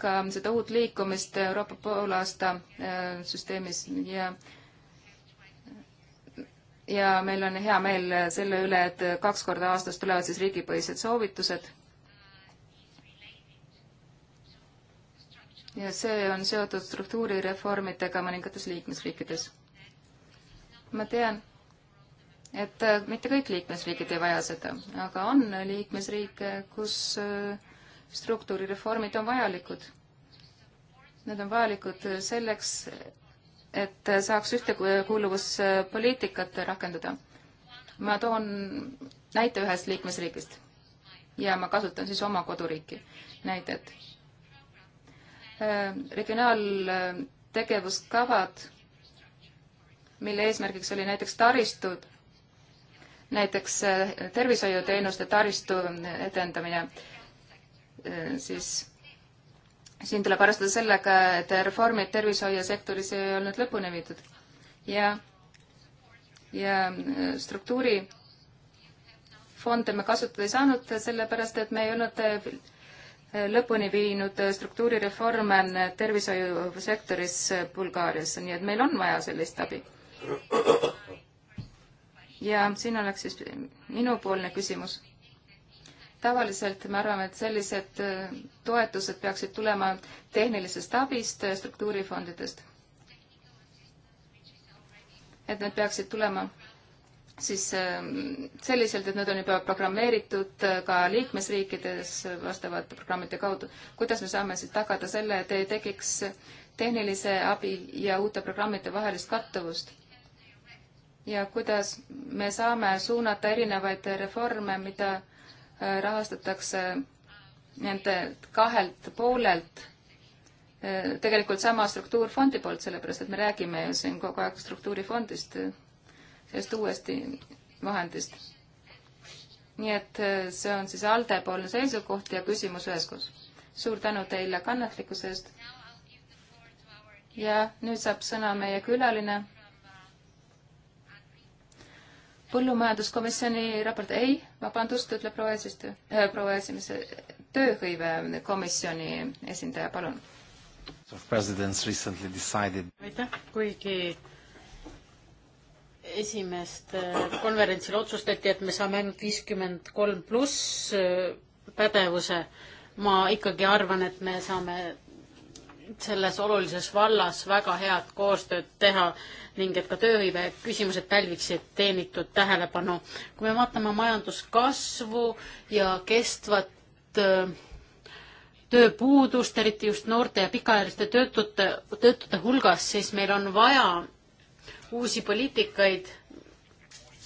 ka seda uut liikumist Euroopa poolaasta äh, süsteemis ja ja meil on hea meel selle üle, et kaks korda aastas tulevad siis riigipõhised soovitused. ja see on seotud struktuurireformidega mõningates liikmesriikides. ma tean et äh, mitte kõik liikmesriigid ei vaja seda, aga on liikmesriike, kus äh, struktuurireformid on vajalikud. Need on vajalikud selleks, et saaks ühtekuuluvuspoliitikat rakendada. ma toon näite ühest liikmesriigist ja ma kasutan siis oma koduriiki näidet. Äh, regionaaltegevuskavad, mille eesmärgiks oli näiteks taristud näiteks eh, tervishoiuteenuste taristu edendamine, eh, siis siin tuleb arvestada sellega, et reformid tervishoiusektoris ei olnud lõpuni viidud ja, ja eh, struktuurifonde me kasutada ei saanud, sellepärast et me ei olnud lõpuni viinud struktuurireforme tervishoiusektoris Bulgaarias, nii et meil on vaja sellist abi ja siin oleks siis minupoolne küsimus. tavaliselt me arvame, et sellised äh, toetused peaksid tulema tehnilisest abist, äh, struktuurifondidest. et need peaksid tulema siis ähm, selliselt, et nad on juba programmeeritud äh, ka liikmesriikides vastavate programmide kaudu. kuidas me saame siis tagada selle, et ei tekiks tehnilise abi ja uute programmide vahelist kattuvust? ja kuidas me saame suunata erinevaid reforme, mida äh, rahastatakse nende kahelt poolelt äh, tegelikult sama struktuurfondi poolt, sellepärast et me räägime ju siin kogu aeg struktuurifondist, sellest uuesti vahendist. nii et äh, see on siis ALDE poolne seisukoht ja küsimus üheskoos. suur tänu teile kannatlikkuse eest. ja nüüd saab sõna meie külaline põllumajanduskomisjoni raport, ei, vabandust, ütleb proua eesistuja äh,, proua esimees, tööhõivekomisjoni esindaja, palun. aitäh, kuigi esimest äh, konverentsil otsustati, et me saame ainult viiskümmend kolm pluss äh, pädevuse, ma ikkagi arvan, et me saame selles olulises vallas väga head koostööd teha ning et ka tööhõive küsimused pälviksid teenitud tähelepanu. kui me vaatame majanduskasvu ja kestvat äh, tööpuudust, eriti just noorte ja pikaajaliste töötute, töötute hulgas, siis meil on vaja uusi poliitikaid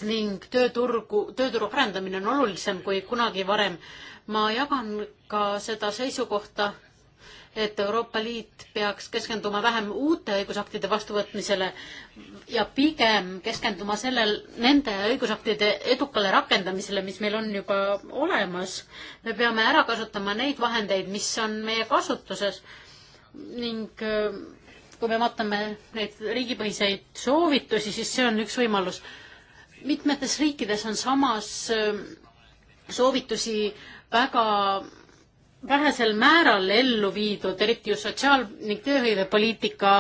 ning tööturgu, tööturu arendamine on olulisem kui kunagi varem. ma jagan ka seda seisukohta, et Euroopa Liit peaks keskenduma vähem uute õigusaktide vastuvõtmisele ja pigem keskenduma sellel, nende õigusaktide edukale rakendamisele, mis meil on juba olemas. me peame ära kasutama neid vahendeid, mis on meie kasutuses ning äh, kui me vaatame neid riigipõhiseid soovitusi, siis see on üks võimalus. mitmetes riikides on samas äh, soovitusi väga vähesel määral ellu viidud, eriti just sotsiaal- ning tööhõivepoliitika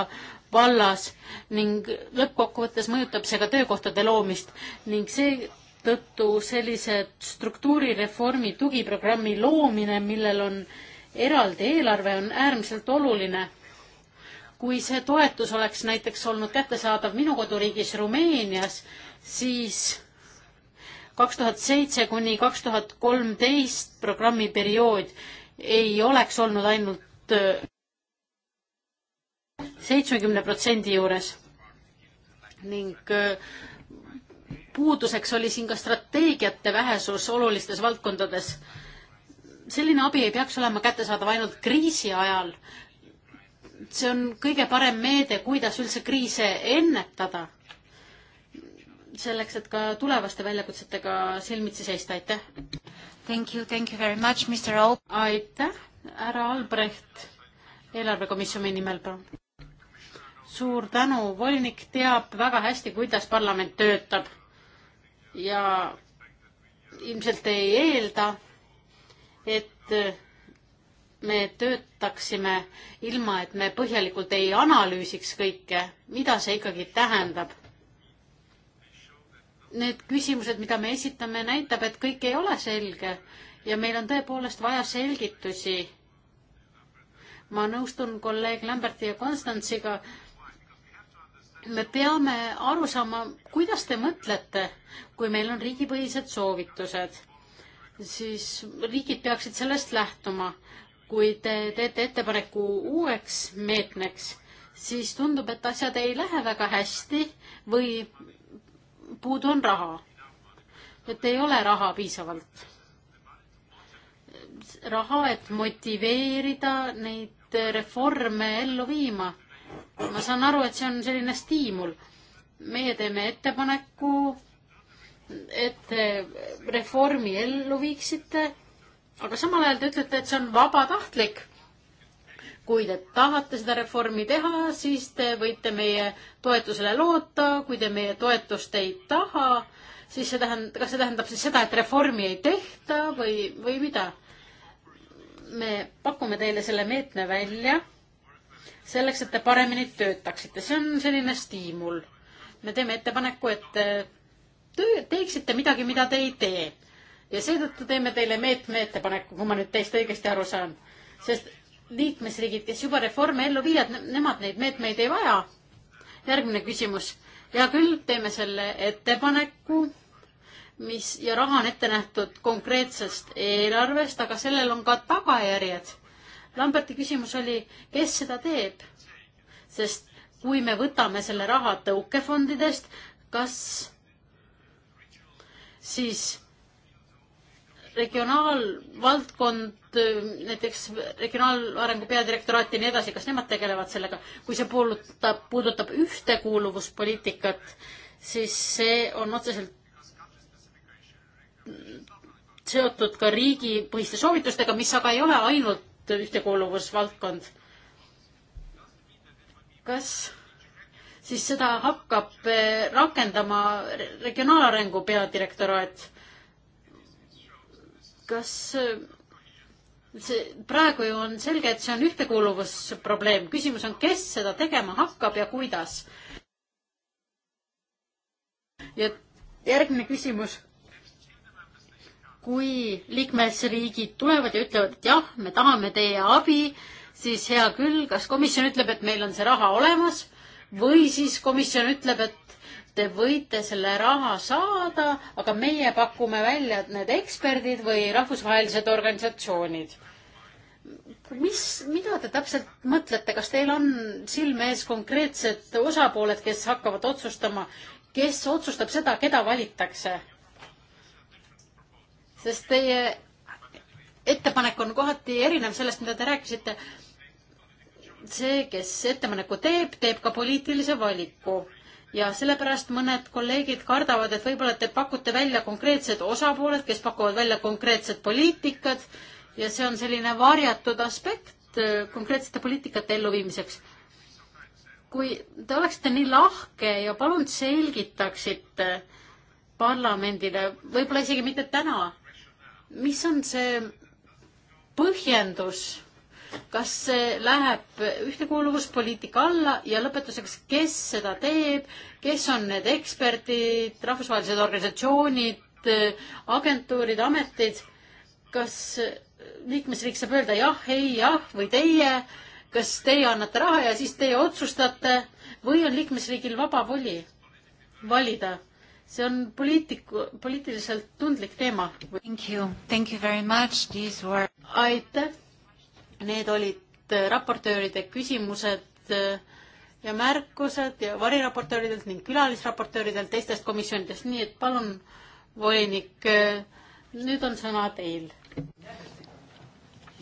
vallas ning lõppkokkuvõttes mõjutab see ka töökohtade loomist ning seetõttu sellise struktuurireformi tugiprogrammi loomine, millel on eraldi eelarve, on äärmiselt oluline. kui see toetus oleks näiteks olnud kättesaadav minu koduriigis Rumeenias, siis kaks tuhat seitse kuni kaks tuhat kolmteist programmi periood ei oleks olnud ainult äh, seitsmekümne protsendi juures ning äh, puuduseks oli siin ka strateegiate vähesus olulistes valdkondades. selline abi ei peaks olema kättesaadav ainult kriisi ajal. see on kõige parem meede, kuidas üldse kriise ennetada. selleks, et ka tulevaste väljakutsetega silmitsi seista, aitäh! Thank you, thank you very much, Mr Al-. aitäh, härra Albrecht, eelarvekomisjoni nimel, palun. suur tänu, volinik teab väga hästi, kuidas parlament töötab ja ilmselt ei eelda, et me töötaksime ilma, et me põhjalikult ei analüüsiks kõike, mida see ikkagi tähendab need küsimused, mida me esitame, näitab, et kõik ei ole selge ja meil on tõepoolest vaja selgitusi. ma nõustun kolleeg Lamberti ja Konstantsiga. me peame aru saama, kuidas te mõtlete, kui meil on riigipõhised soovitused, siis riigid peaksid sellest lähtuma. kui te teete ettepaneku uueks meetmeks, siis tundub, et asjad ei lähe väga hästi või puudu on raha. et ei ole raha piisavalt. raha, et motiveerida neid reforme ellu viima. ma saan aru, et see on selline stiimul. meie teeme ettepaneku, et reformi ellu viiksite, aga samal ajal te ütlete, et see on vabatahtlik kui te tahate seda reformi teha, siis te võite meie toetusele loota, kui te meie toetust ei taha, siis see tähendab, kas see tähendab siis seda, et reformi ei tehta või, või mida? me pakume teile selle meetme välja selleks, et te paremini töötaksite, see on selline stiimul. me teeme ettepaneku, et te töö, teeksite midagi, mida te ei tee. ja seetõttu teeme teile meetme ettepaneku, kui ma nüüd teist õigesti aru saan. sest liikmesriigid, kes juba reforme ellu viivad, nemad neid meetmeid ei vaja. järgmine küsimus. hea küll, teeme selle ettepaneku, mis ja raha on ette nähtud konkreetsest eelarvest, aga sellel on ka tagajärjed. Lamberti küsimus oli, kes seda teeb? sest kui me võtame selle raha tõukefondidest, kas siis regionaalvaldkond, näiteks regionaalarengu peadirektoraat ja nii edasi, kas nemad tegelevad sellega? kui see puudutab, puudutab ühtekuuluvuspoliitikat, siis see on otseselt seotud ka riigipõhiste soovitustega, mis aga ei ole ainult ühtekuuluvusvaldkond. kas siis seda hakkab eh, rakendama regionaalarengu peadirektoraat? kas äh, see, praegu ju on selge, et see on ühtekuuluvusprobleem, küsimus on, kes seda tegema hakkab ja kuidas? ja järgmine küsimus. kui liikmesriigid tulevad ja ütlevad, et jah, me tahame teie abi, siis hea küll, kas komisjon ütleb, et meil on see raha olemas või siis komisjon ütleb, et te võite selle raha saada, aga meie pakume välja need eksperdid või rahvusvahelised organisatsioonid. mis, mida te täpselt mõtlete, kas teil on silme ees konkreetsed osapooled, kes hakkavad otsustama, kes otsustab seda, keda valitakse? sest teie ettepanek on kohati erinev sellest, mida te rääkisite. see, kes ettepaneku teeb, teeb ka poliitilise valiku ja sellepärast mõned kolleegid kardavad, et võib-olla te pakute välja konkreetsed osapooled, kes pakuvad välja konkreetsed poliitikad ja see on selline varjatud aspekt äh, konkreetsete poliitikate elluviimiseks. kui te oleksite nii lahke ja palun selgitaksite parlamendile, võib-olla isegi mitte täna, mis on see põhjendus kas see läheb ühtekuuluvuspoliitika alla ja lõpetuseks, kes seda teeb, kes on need eksperdid, rahvusvahelised organisatsioonid, agentuurid, ametid, kas liikmesriik saab öelda jah, ei, jah või teie, kas teie annate raha ja siis teie otsustate või on liikmesriigil vaba voli valida? see on poliitiku, poliitiliselt tundlik teema. Were... aitäh Need olid äh, raportööride küsimused äh, ja märkused ja variraportööridelt ning külalisraportööridelt teistest komisjonidest, nii et palun, volinik, äh, nüüd on sõna teil.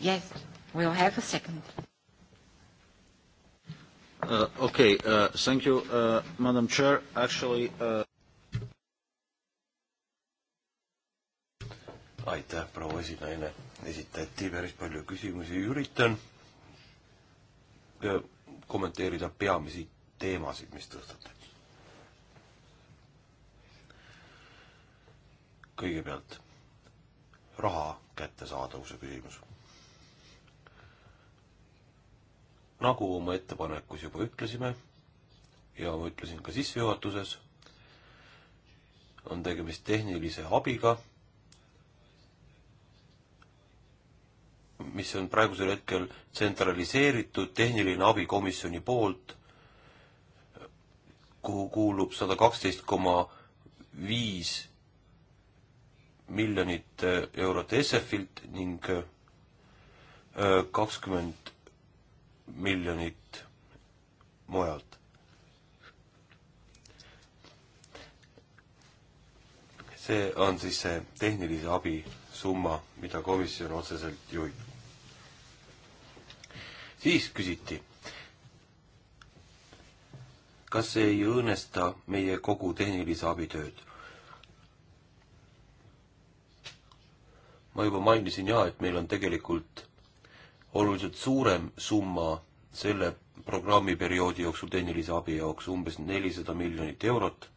Yes, we will have a second. Uh, okay, uh, thank you, uh, Madam Chair. Actually, uh... aitäh, proua esinaine esitati päris palju küsimusi, üritan äh, kommenteerida peamisi teemasid, mis tõstatati. kõigepealt raha kättesaadavuse küsimus. nagu oma ettepanekus juba ütlesime ja ma ütlesin ka sissejuhatuses, on tegemist tehnilise abiga mis on praegusel hetkel tsentraliseeritud tehniline abi komisjoni poolt, kuhu kuulub sada kaksteist koma viis miljonit eh, eurot SF-ilt ning eh, kakskümmend miljonit mujalt. see on siis see tehnilise abi summa, mida komisjon otseselt juhib siis küsiti, kas see ei õõnesta meie kogu tehnilise abi tööd? ma juba mainisin ja, et meil on tegelikult oluliselt suurem summa selle programmiperioodi jooksul tehnilise abi jaoks, umbes nelisada miljonit eurot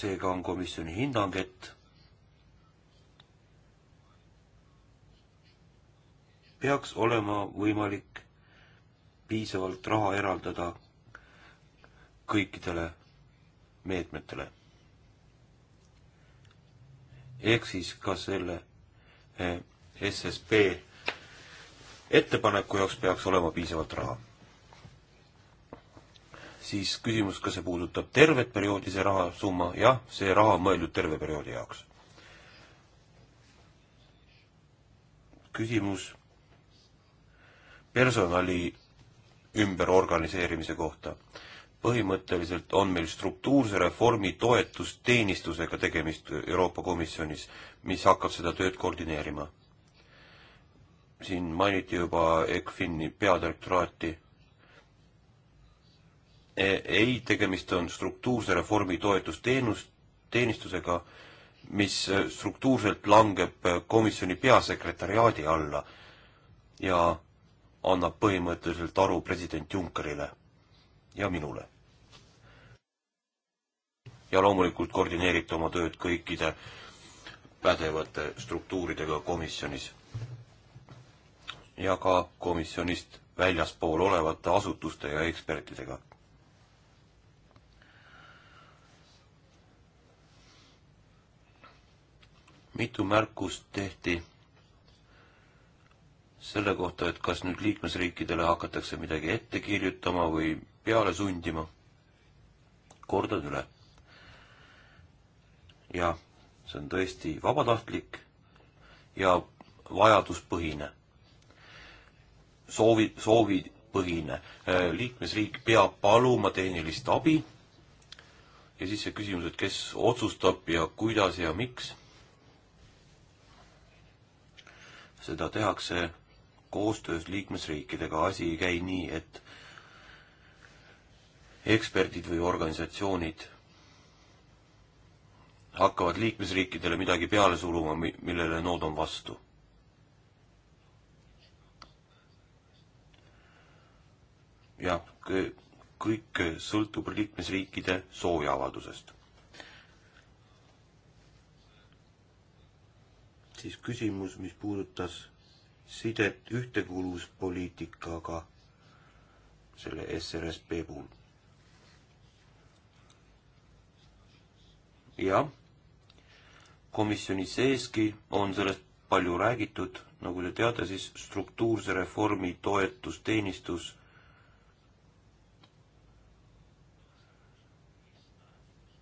seega on komisjoni hinnang, et peaks olema võimalik piisavalt raha eraldada kõikidele meetmetele. ehk siis ka selle eh, SSB ettepaneku jaoks peaks olema piisavalt raha. siis küsimus, kas see puudutab tervet perioodi, see rahasumma, jah, see raha on mõeldud terve perioodi jaoks. küsimus personali ümberorganiseerimise kohta. põhimõtteliselt on meil struktuurse reformi toetusteenistusega tegemist Euroopa Komisjonis, mis hakkab seda tööd koordineerima. siin mainiti juba ECFIN-i peadirektoraati. E, ei, tegemist on struktuurse reformi toetusteenust, teenistusega, mis struktuurselt langeb komisjoni peasekretäriaadi alla ja annab põhimõtteliselt aru president Junckerile ja minule. ja loomulikult koordineerite oma tööd kõikide pädevate struktuuridega komisjonis ja ka komisjonist väljaspool olevate asutuste ja ekspertidega. mitu märkust tehti selle kohta, et kas nüüd liikmesriikidele hakatakse midagi ette kirjutama või peale sundima. kordan üle. jah, see on tõesti vabatahtlik ja vajaduspõhine. soovi, soovipõhine. liikmesriik peab paluma tehnilist abi ja siis see küsimus, et kes otsustab ja kuidas ja miks seda tehakse koostöös liikmesriikidega asi ei käi nii, et eksperdid või organisatsioonid hakkavad liikmesriikidele midagi peale suruma, millele nood on vastu. jah, kõik sõltub liikmesriikide sooviavaldusest. siis küsimus, mis puudutas sidet ühtekuuluvuspoliitikaga selle SRSP puhul. jah, komisjoni seeski on sellest palju räägitud, nagu te teate, siis struktuurse reformi toetusteenistus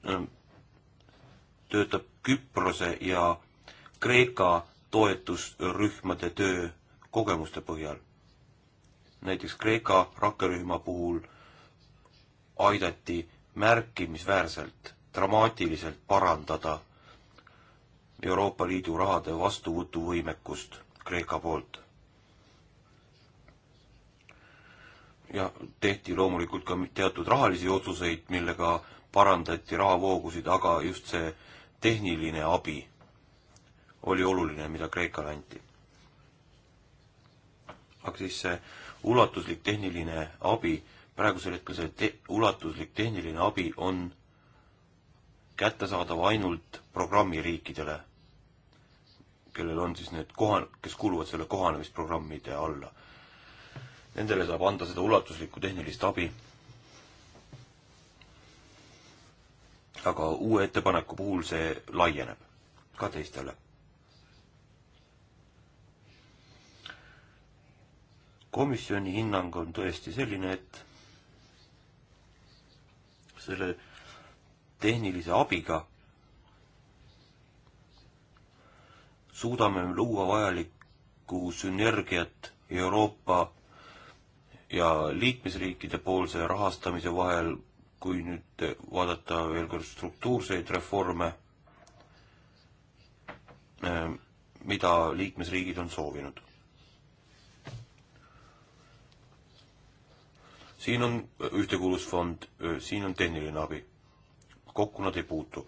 ähm, töötab Küprose ja Kreeka toetusrühmade töö kogemuste põhjal. näiteks Kreeka rakkerühma puhul aidati märkimisväärselt, dramaatiliselt parandada Euroopa Liidu rahade vastuvõtuvõimekust Kreeka poolt. ja tehti loomulikult ka teatud rahalisi otsuseid, millega parandati rahavoogusid, aga just see tehniline abi oli oluline, mida Kreekale anti. aga siis see ulatuslik tehniline abi, praegusel hetkel see te ulatuslik tehniline abi on kättesaadav ainult programmiriikidele, kellel on siis need kohan-, kes kuuluvad selle kohanemisprogrammide alla. Nendele saab anda seda ulatuslikku tehnilist abi. aga uue ettepaneku puhul see laieneb ka teistele komisjoni hinnang on tõesti selline, et selle tehnilise abiga suudame luua vajalikku sünergiat Euroopa ja liikmesriikide poolse rahastamise vahel, kui nüüd vaadata veel kord struktuurseid reforme, mida liikmesriigid on soovinud. siin on äh, ühtekuuluvusfond, äh, siin on tehniline abi. kokku nad ei puutu.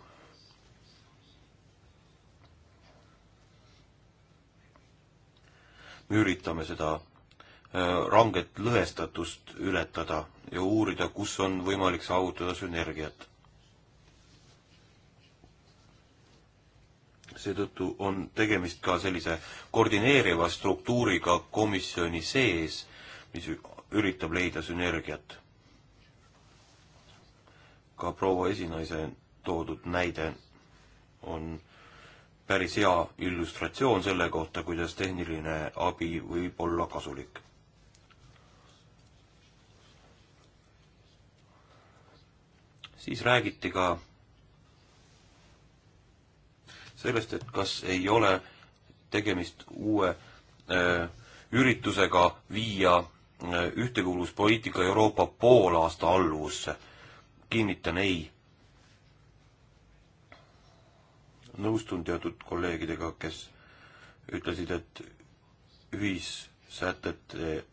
me üritame seda äh, ranget lõhestatust ületada ja uurida, kus on võimalik saavutada sünergiat. seetõttu on tegemist ka sellise koordineeriva struktuuriga komisjoni sees, mis üritab leida sünergiat. ka proua esinaise toodud näide on päris hea illustratsioon selle kohta, kuidas tehniline abi võib olla kasulik. siis räägiti ka sellest, et kas ei ole tegemist uue öö, äh, üritusega viia Äh, ühtekuuluvuspoliitika Euroopa poolaasta alluvusse. kinnitan ei. nõustun teatud kolleegidega, kes ütlesid, et ühissätete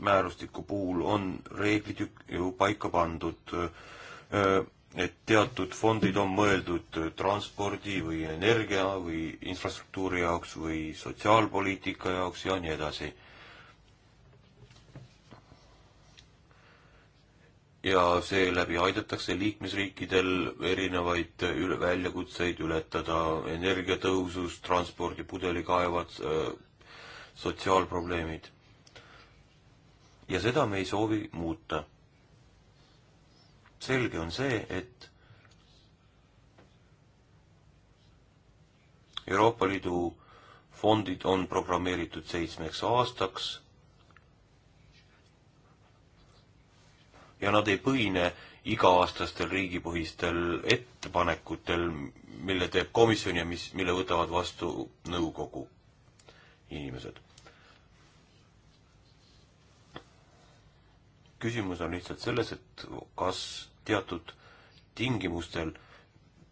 määrustiku puhul on reeglid ju, ju paika pandud, äh, et teatud fondid on mõeldud transpordi või energia või infrastruktuuri jaoks või sotsiaalpoliitika jaoks ja nii edasi ja seeläbi aidatakse liikmesriikidel erinevaid üle, väljakutseid ületada, energiatõhusus, transpordi pudelikaevad, äh, sotsiaalprobleemid. ja seda me ei soovi muuta. selge on see, et Euroopa Liidu fondid on programmeeritud seitsmeks aastaks ja nad ei põhine iga-aastastel riigipõhistel ettepanekutel, mille teeb komisjon ja mis, mille võtavad vastu nõukogu inimesed. küsimus on lihtsalt selles, et kas teatud tingimustel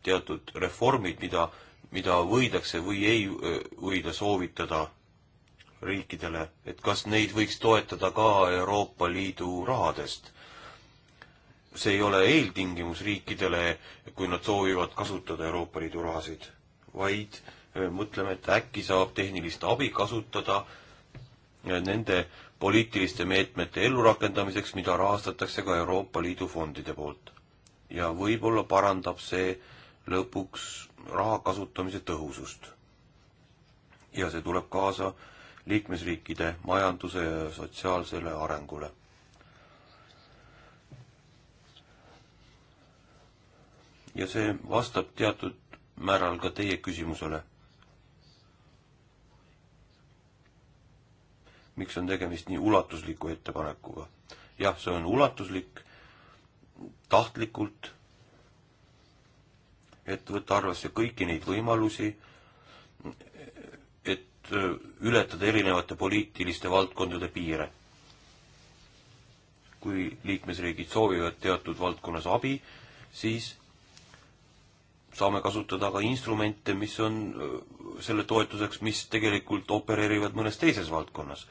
teatud reformid, mida, mida võidakse või ei võida soovitada riikidele, et kas neid võiks toetada ka Euroopa Liidu rahadest see ei ole eeltingimus riikidele, kui nad soovivad kasutada Euroopa Liidu rahasid, vaid äh, mõtleme, et äkki saab tehnilist abi kasutada äh, nende poliitiliste meetmete ellurakendamiseks, mida rahastatakse ka Euroopa Liidu fondide poolt. ja võib-olla parandab see lõpuks raha kasutamise tõhusust. ja see tuleb kaasa liikmesriikide majanduse ja sotsiaalsele arengule ja see vastab teatud määral ka teie küsimusele. miks on tegemist nii ulatusliku ettepanekuga? jah, see on ulatuslik, tahtlikult, et võtta arvesse kõiki neid võimalusi, et ületada erinevate poliitiliste valdkondade piire. kui liikmesriigid soovivad teatud valdkonnas abi, siis saame kasutada ka instrumente, mis on äh, selle toetuseks, mis tegelikult opereerivad mõnes teises valdkonnas.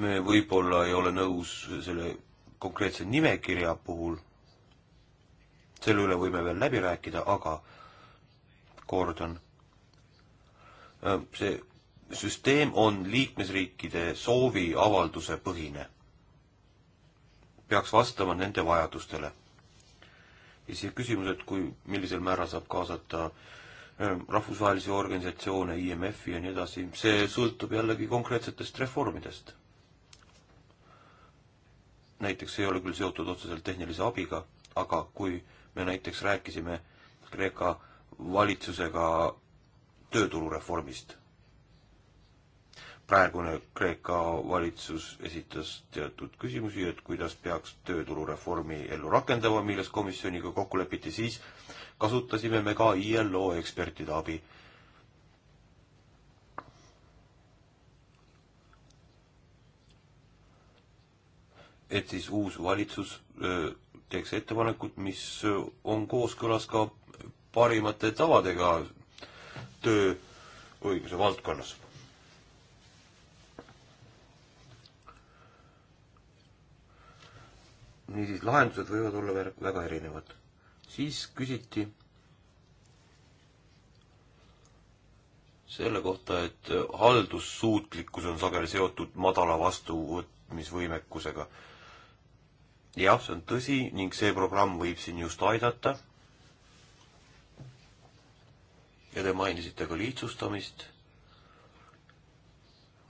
me võib-olla ei ole nõus selle konkreetse nimekirja puhul, selle üle võime veel läbi rääkida, aga kordan, äh, see süsteem on liikmesriikide sooviavalduse põhine peaks vastama nende vajadustele. ja siis küsimus, et kui, millisel määral saab kaasata ähm, rahvusvahelisi organisatsioone, IMF-i ja nii edasi, see sõltub jällegi konkreetsetest reformidest. näiteks see ei ole küll seotud otseselt tehnilise abiga, aga kui me näiteks rääkisime Kreeka valitsusega tööturureformist praegune Kreeka valitsus esitas teatud küsimusi, et kuidas peaks tööturureformi ellu rakendama, milles komisjoniga kokku lepiti, siis kasutasime me ka ILO ekspertide abi. et siis uus valitsus teeks ettepanekud, mis on kooskõlas ka parimate tavadega tööõiguse valdkonnas niisiis, lahendused võivad olla väga erinevad. siis küsiti selle kohta, et haldussuutlikkus on sageli seotud madala vastuvõtmisvõimekusega. jah, see on tõsi ning see programm võib siin just aidata. ja te mainisite ka lihtsustamist.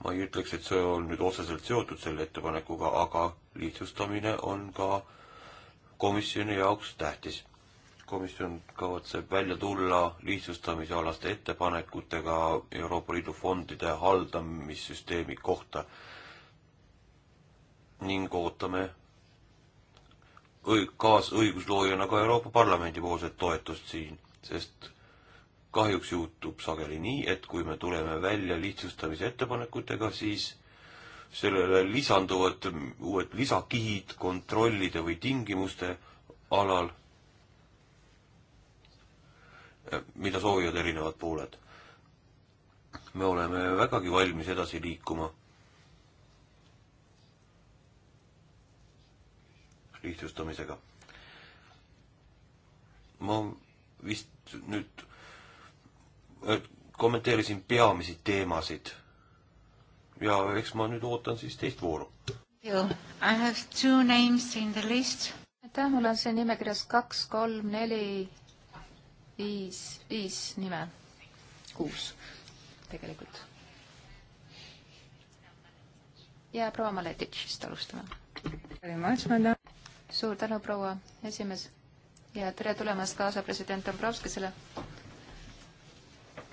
ma ei ütleks, et see on nüüd otseselt seotud selle ettepanekuga, aga lihtsustamine on ka komisjoni jaoks tähtis. komisjon kavatseb välja tulla lihtsustamisalaste ettepanekutega Euroopa Liidu fondide haldamissüsteemi kohta ning ootame õig-, kaasõigusloojana ka Euroopa Parlamendi poolset toetust siin, sest kahjuks juhtub sageli nii, et kui me tuleme välja lihtsustamise ettepanekutega, siis sellele lisanduvad uued lisakihid kontrollide või tingimuste alal, mida soovivad erinevad pooled. me oleme vägagi valmis edasi liikuma. lihtsustamisega. ma vist nüüd äh, kommenteerisin peamisi teemasid ja eks ma nüüd ootan siis teist vooru. aitäh, mul on siin nimekirjas kaks, kolm, neli, viis, viis nime. kuus tegelikult. ja proua Maletitšist alustame. suur tänu, proua esimees ja tere tulemast kaasa president Dombrovskisele.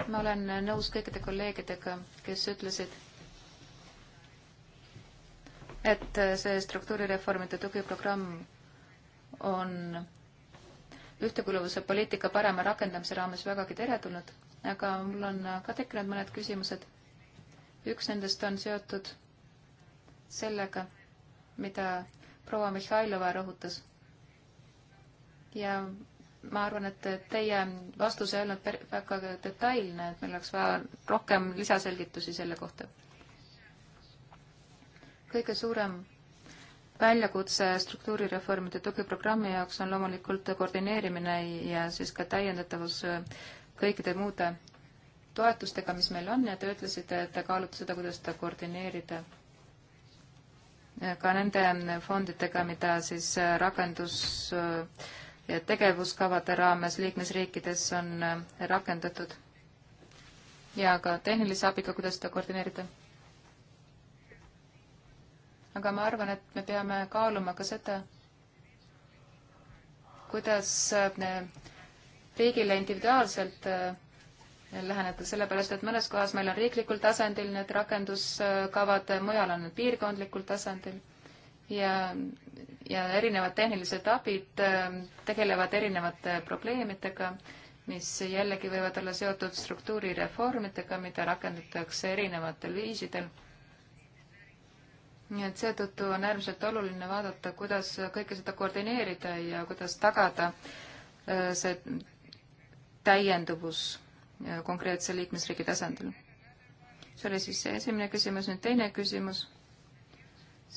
ma olen nõus kõikide kolleegidega, kes ütlesid et see struktuurireformide tugiprogramm on ühtekuuluvuse poliitika parema rakendamise raames vägagi teretulnud, aga mul on ka tekkinud mõned küsimused. üks nendest on seotud sellega, mida proua Mihhailova rõhutas. ja ma arvan, et teie vastus ei olnud väga detailne, et meil oleks vaja rohkem lisaselgitusi selle kohta kõige suurem väljakutse struktuurireformide tugiprogrammi jaoks on loomulikult koordineerimine ja siis ka täiendatavus kõikide muude toetustega, mis meil on ja te ütlesite, et te kaalute seda, kuidas seda koordineerida ka nende fondidega, mida siis rakendus ja tegevuskavade raames liikmesriikides on rakendatud ja ka tehnilise abiga, kuidas seda koordineerida aga ma arvan, et me peame kaaluma ka seda, kuidas äh, riigile individuaalselt äh, läheneda, sellepärast et mõnes kohas meil on riiklikul tasandil need rakenduskavad, äh, mujal on need piirkondlikul tasandil ja, ja erinevad tehnilised abid tegelevad erinevate probleemidega, mis jällegi võivad olla seotud struktuurireformidega, mida rakendatakse erinevatel viisidel nii et seetõttu on äärmiselt oluline vaadata, kuidas kõike seda koordineerida ja kuidas tagada äh, see täienduvus äh, konkreetse liikmesriigi tasandil. see oli siis see esimene küsimus, nüüd teine küsimus.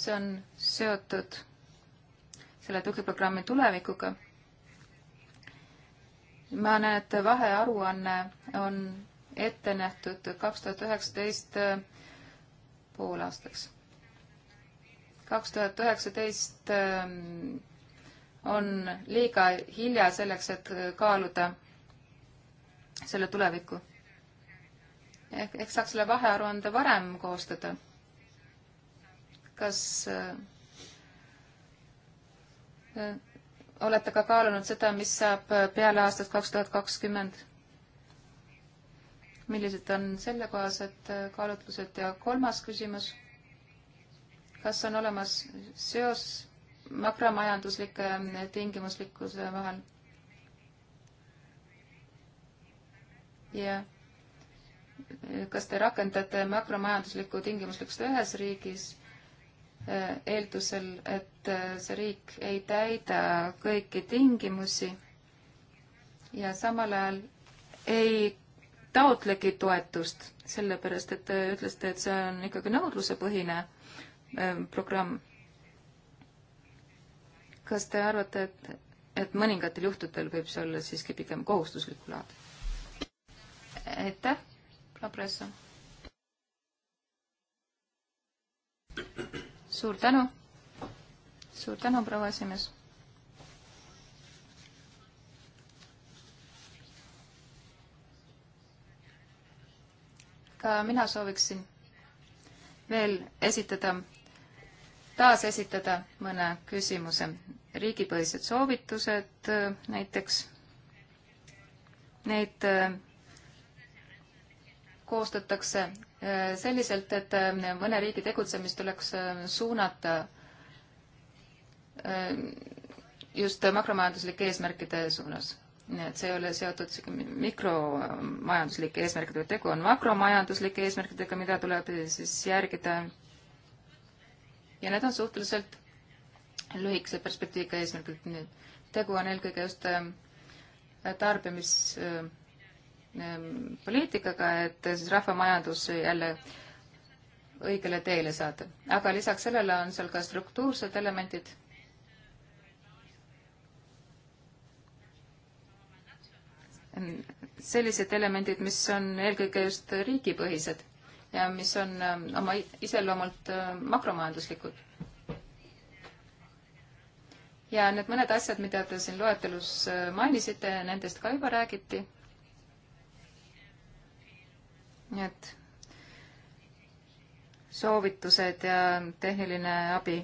see on seotud selle tugiprogrammi tulevikuga. ma näen, et vahearuanne on ette nähtud kaks tuhat üheksateist äh, poolaastaks kaks tuhat üheksateist ähm, on liiga hilja selleks, et kaaluda selle tulevikku. ehk, ehk saaks selle vahearuande varem koostada. kas äh, olete ka kaalunud seda, mis saab peale aastat kaks tuhat kakskümmend? millised on sellekohased äh, kaalutlused ja kolmas küsimus kas on olemas seos makromajanduslike eh, tingimuslikkuse vahel? ja eh, kas te rakendate makromajanduslikku tingimuslikkust ühes riigis eh, eeldusel, et see riik ei täida kõiki tingimusi ja samal ajal ei taotlegi toetust, sellepärast et te ütlesite, et see on ikkagi nõudlusepõhine Ähm, programm. kas te arvate, et, et mõningatel juhtudel võib see olla siiski pigem kohustuslikku laadi? aitäh, Labressa. suur tänu. suur tänu, proua esimees. ka mina sooviksin veel esitada taas esitada mõne küsimuse. riigipõhised soovitused äh, näiteks, neid äh, koostatakse äh, selliselt, et mõne riigi tegutsemist tuleks suunata just makromajanduslike eesmärkide suunas. nii et see ei ole seotud mikromajanduslike eesmärkidega, tegu on makromajanduslike eesmärkidega, mida tuleb siis järgida ja need on suhteliselt lühikese perspektiiviga eesmärgid. tegu on eelkõige just ähm, tarbimispoliitikaga, ähm, ähm, et siis rahvamajandus jälle õigele teele saada. aga lisaks sellele on seal ka struktuursed elemendid. sellised elemendid, mis on eelkõige just riigipõhised ja mis on ähm, oma iseloomult äh, makromajanduslikud. ja need mõned asjad, mida te siin loetelus äh, mainisite, nendest ka juba räägiti. nii et soovitused ja tehniline abi.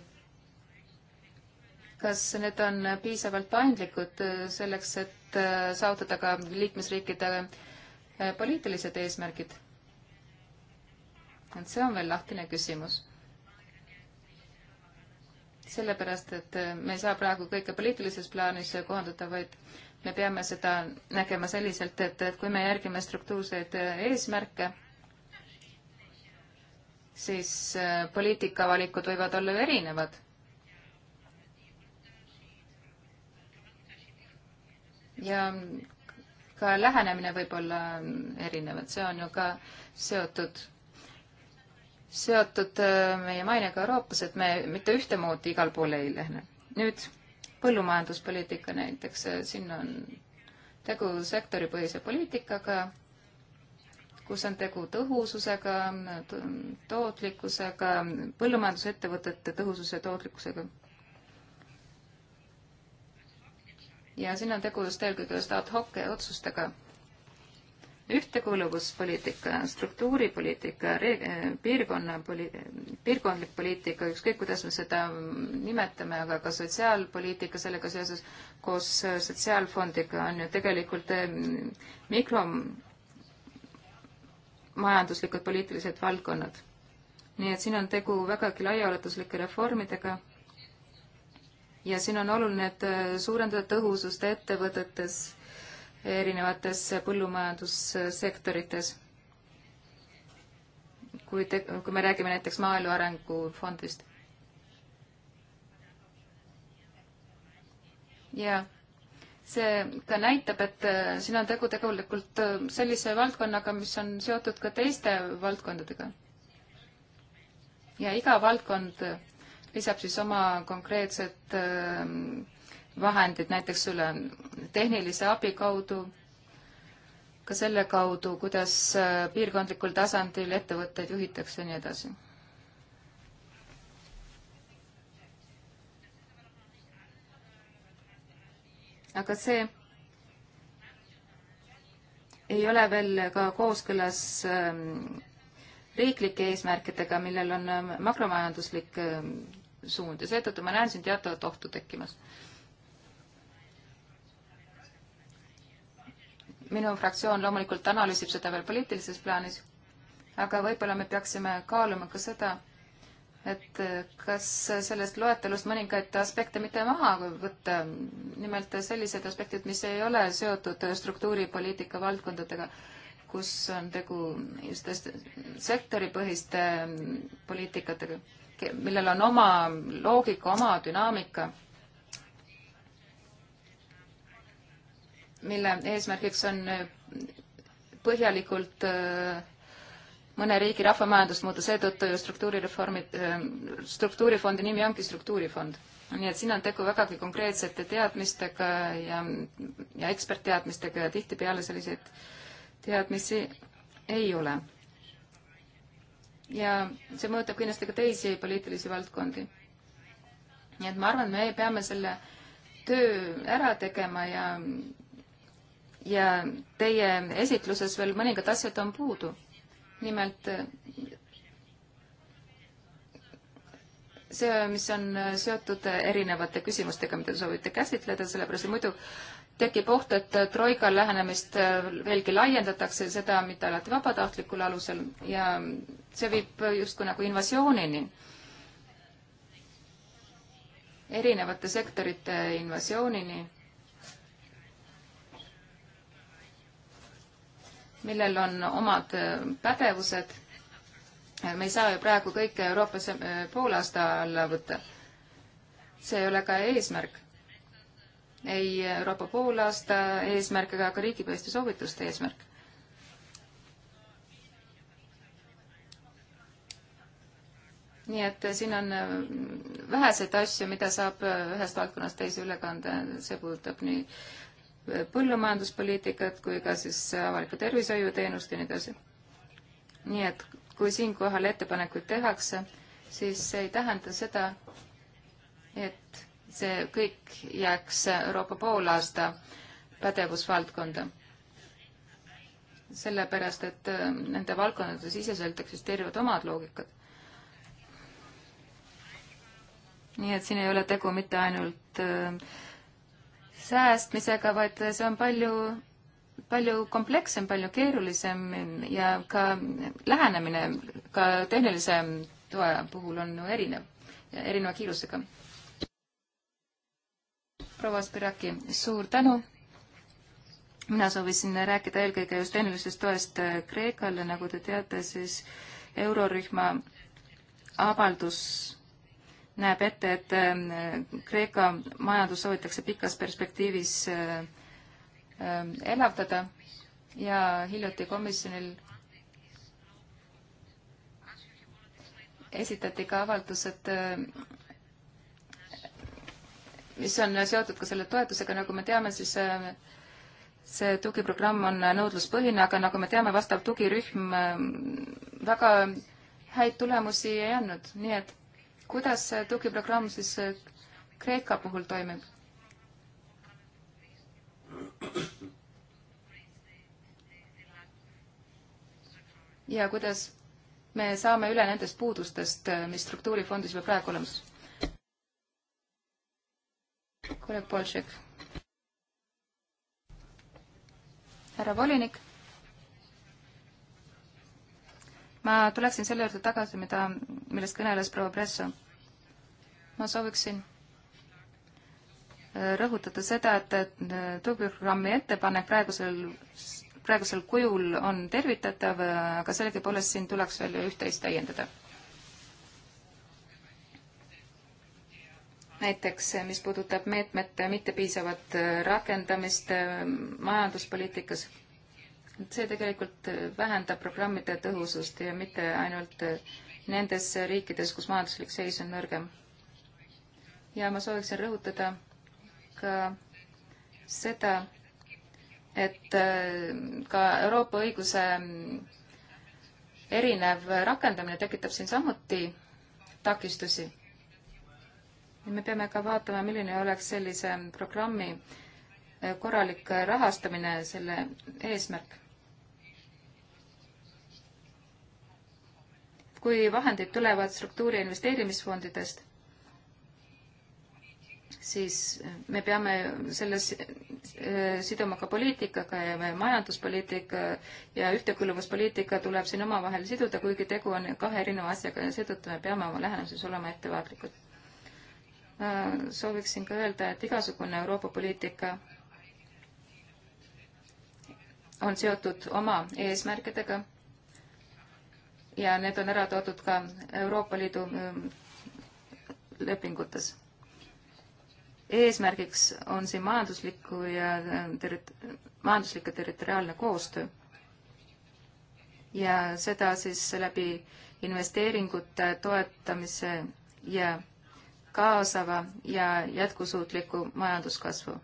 kas need on piisavalt paindlikud äh, selleks, et saavutada ka liikmesriikide poliitilised eesmärgid? et see on veel lahtine küsimus. sellepärast, et me ei saa praegu kõike poliitilises plaanis kohandada, vaid me peame seda nägema selliselt, et, et kui me järgime struktuurseid eesmärke, siis äh, poliitikavalikud võivad olla ju erinevad ja ka lähenemine võib olla erinev, et see on ju ka seotud seotud äh, meie mainega Euroopas, et me mitte ühtemoodi igal pool ei lähne. nüüd põllumajanduspoliitika näiteks, äh, siin on tegu sektoripõhise poliitikaga, kus on tegu tõhususega, tootlikkusega, põllumajandusettevõtete tõhususe ja tootlikkusega. ja siin on tegu just eelkõige just ad hoc otsustega ühtekuuluvuspoliitika, struktuuripoliitika, piirkonna poli-, piirkondlik poliitika, ükskõik kuidas me seda nimetame, aga ka sotsiaalpoliitika sellega seoses koos sotsiaalfondiga on ju tegelikult eh, mikromajanduslikud poliitilised valdkonnad. nii et siin on tegu vägagi laiaulatuslike reformidega ja siin on oluline, et eh, suurendada tõhusust ettevõtetes erinevates põllumajandussektorites. kui te, kui me räägime näiteks Maaelu Arengufondist. jaa see ka näitab, et siin on tegu tegelikult sellise valdkonnaga, mis on seotud ka teiste valdkondadega. ja iga valdkond lisab siis oma konkreetsed ähm, vahendid näiteks üle tehnilise abi kaudu, ka selle kaudu, kuidas äh, piirkondlikul tasandil ettevõtteid juhitakse ja nii edasi. aga see ei ole veel ka kooskõlas ähm, riiklike eesmärkidega, millel on äh, makromajanduslik ähm, suund ja seetõttu ma näen siin teatavat ohtu tekkimas. minu fraktsioon loomulikult analüüsib seda veel poliitilises plaanis, aga võib-olla me peaksime kaaluma ka seda, et kas sellest loetelust mõningaid aspekte mitte maha võtta, nimelt sellised aspektid, mis ei ole seotud struktuuripoliitika valdkondadega, kus on tegu just sektoripõhiste poliitikatega, millel on oma loogika, oma dünaamika mille eesmärgiks on äh, põhjalikult äh, mõne riigi rahvamajandust muuta, seetõttu ju struktuurireformi, äh, struktuurifondi nimi ongi struktuurifond. nii et siin on tegu vägagi konkreetsete teadmistega ja, ja ekspertteadmistega ja tihtipeale selliseid teadmisi ei ole. ja see mõjutab kindlasti ka teisi poliitilisi valdkondi. nii et ma arvan, et me peame selle töö ära tegema ja ja teie esitluses veel mõningad asjad on puudu. nimelt see, mis on seotud erinevate küsimustega, mida te soovite käsitleda, sellepärast et muidu tekib oht, et troika lähenemist veelgi laiendatakse, seda mitte alati vabatahtlikul alusel ja see viib justkui nagu invasioonini erinevate sektorite invasioonini millel on omad äh, pädevused. Äh, me ei saa ju praegu kõike Euroopas äh, poolaasta alla võtta. see ei ole ka eesmärk. ei Euroopa poolaasta eesmärk ega ka riigipõhiste soovituste eesmärk. nii et siin on väheseid asju, mida saab ühest valdkonnast teise üle kanda, see puudutab nii põllumajanduspoliitikat kui ka siis avalikku tervishoiuteenust ja nii edasi. nii et kui siinkohal ettepanekuid tehakse, siis see ei tähenda seda, et see kõik jääks Euroopa poolaasta pädevusvaldkonda. sellepärast, et äh, nende valdkondade siseselt eksisteerivad omad loogikad. nii et siin ei ole tegu mitte ainult äh, säästmisega, vaid see on palju, palju komplekssem, palju keerulisem ja ka lähenemine ka tehnilise toe puhul on ju erinev, erineva kiirusega. proua Spiraki, suur tänu! mina soovisin rääkida eelkõige just tehnilisest toest Kreekale, nagu te teate, siis eurorühma avaldus näeb ette, et äh, Kreeka majandus soovitakse pikas perspektiivis äh, äh, elavdada ja hiljuti komisjonil esitati ka avaldus, et mis on seotud ka selle toetusega, nagu me teame, siis see tugiprogramm on nõudluspõhine, aga nagu me teame, vastav tugirühm väga häid tulemusi ei andnud, nii et kuidas see tugiprogramm siis äh, Kreeka puhul toimib? ja kuidas me saame üle nendest puudustest, äh, mis struktuurifondis juba praegu olemas? kolleeg Polšek. härra volinik. ma tuleksin selle juurde tagasi, mida millest kõneles proua Presso. ma sooviksin äh, rõhutada seda, et tugiprogrammi äh, ettepanek praegusel, praegusel kujul on tervitatav, äh, aga sellegipoolest siin tuleks veel üht-teist täiendada. näiteks, mis puudutab meetmete mittepiisavat rakendamist majanduspoliitikas, see tegelikult vähendab programmide tõhusust ja mitte ainult äh, nendes riikides, kus majanduslik seis on nõrgem. ja ma sooviksin rõhutada ka seda, et äh, ka Euroopa õiguse äh, erinev rakendamine tekitab siin samuti takistusi. me peame ka vaatama, milline oleks sellise programmi äh, korralik rahastamine, selle eesmärk kui vahendid tulevad struktuuri investeerimisfondidest, siis me peame selles äh, siduma ka poliitikaga ja majanduspoliitika ja ühtekuuluvuspoliitika tuleb siin omavahel siduda, kuigi tegu on kahe erineva asjaga ja seetõttu me peame oma lähenemises olema ettevaatlikud. sooviksin ka öelda, et igasugune Euroopa poliitika on seotud oma eesmärkidega ja need on ära toodud ka Euroopa Liidu ähm, lepingutes. eesmärgiks on siin majandusliku ja ähm, territ-, majanduslik ja territoriaalne koostöö. ja seda siis läbi investeeringute toetamise ja kaasava ja jätkusuutliku majanduskasvu.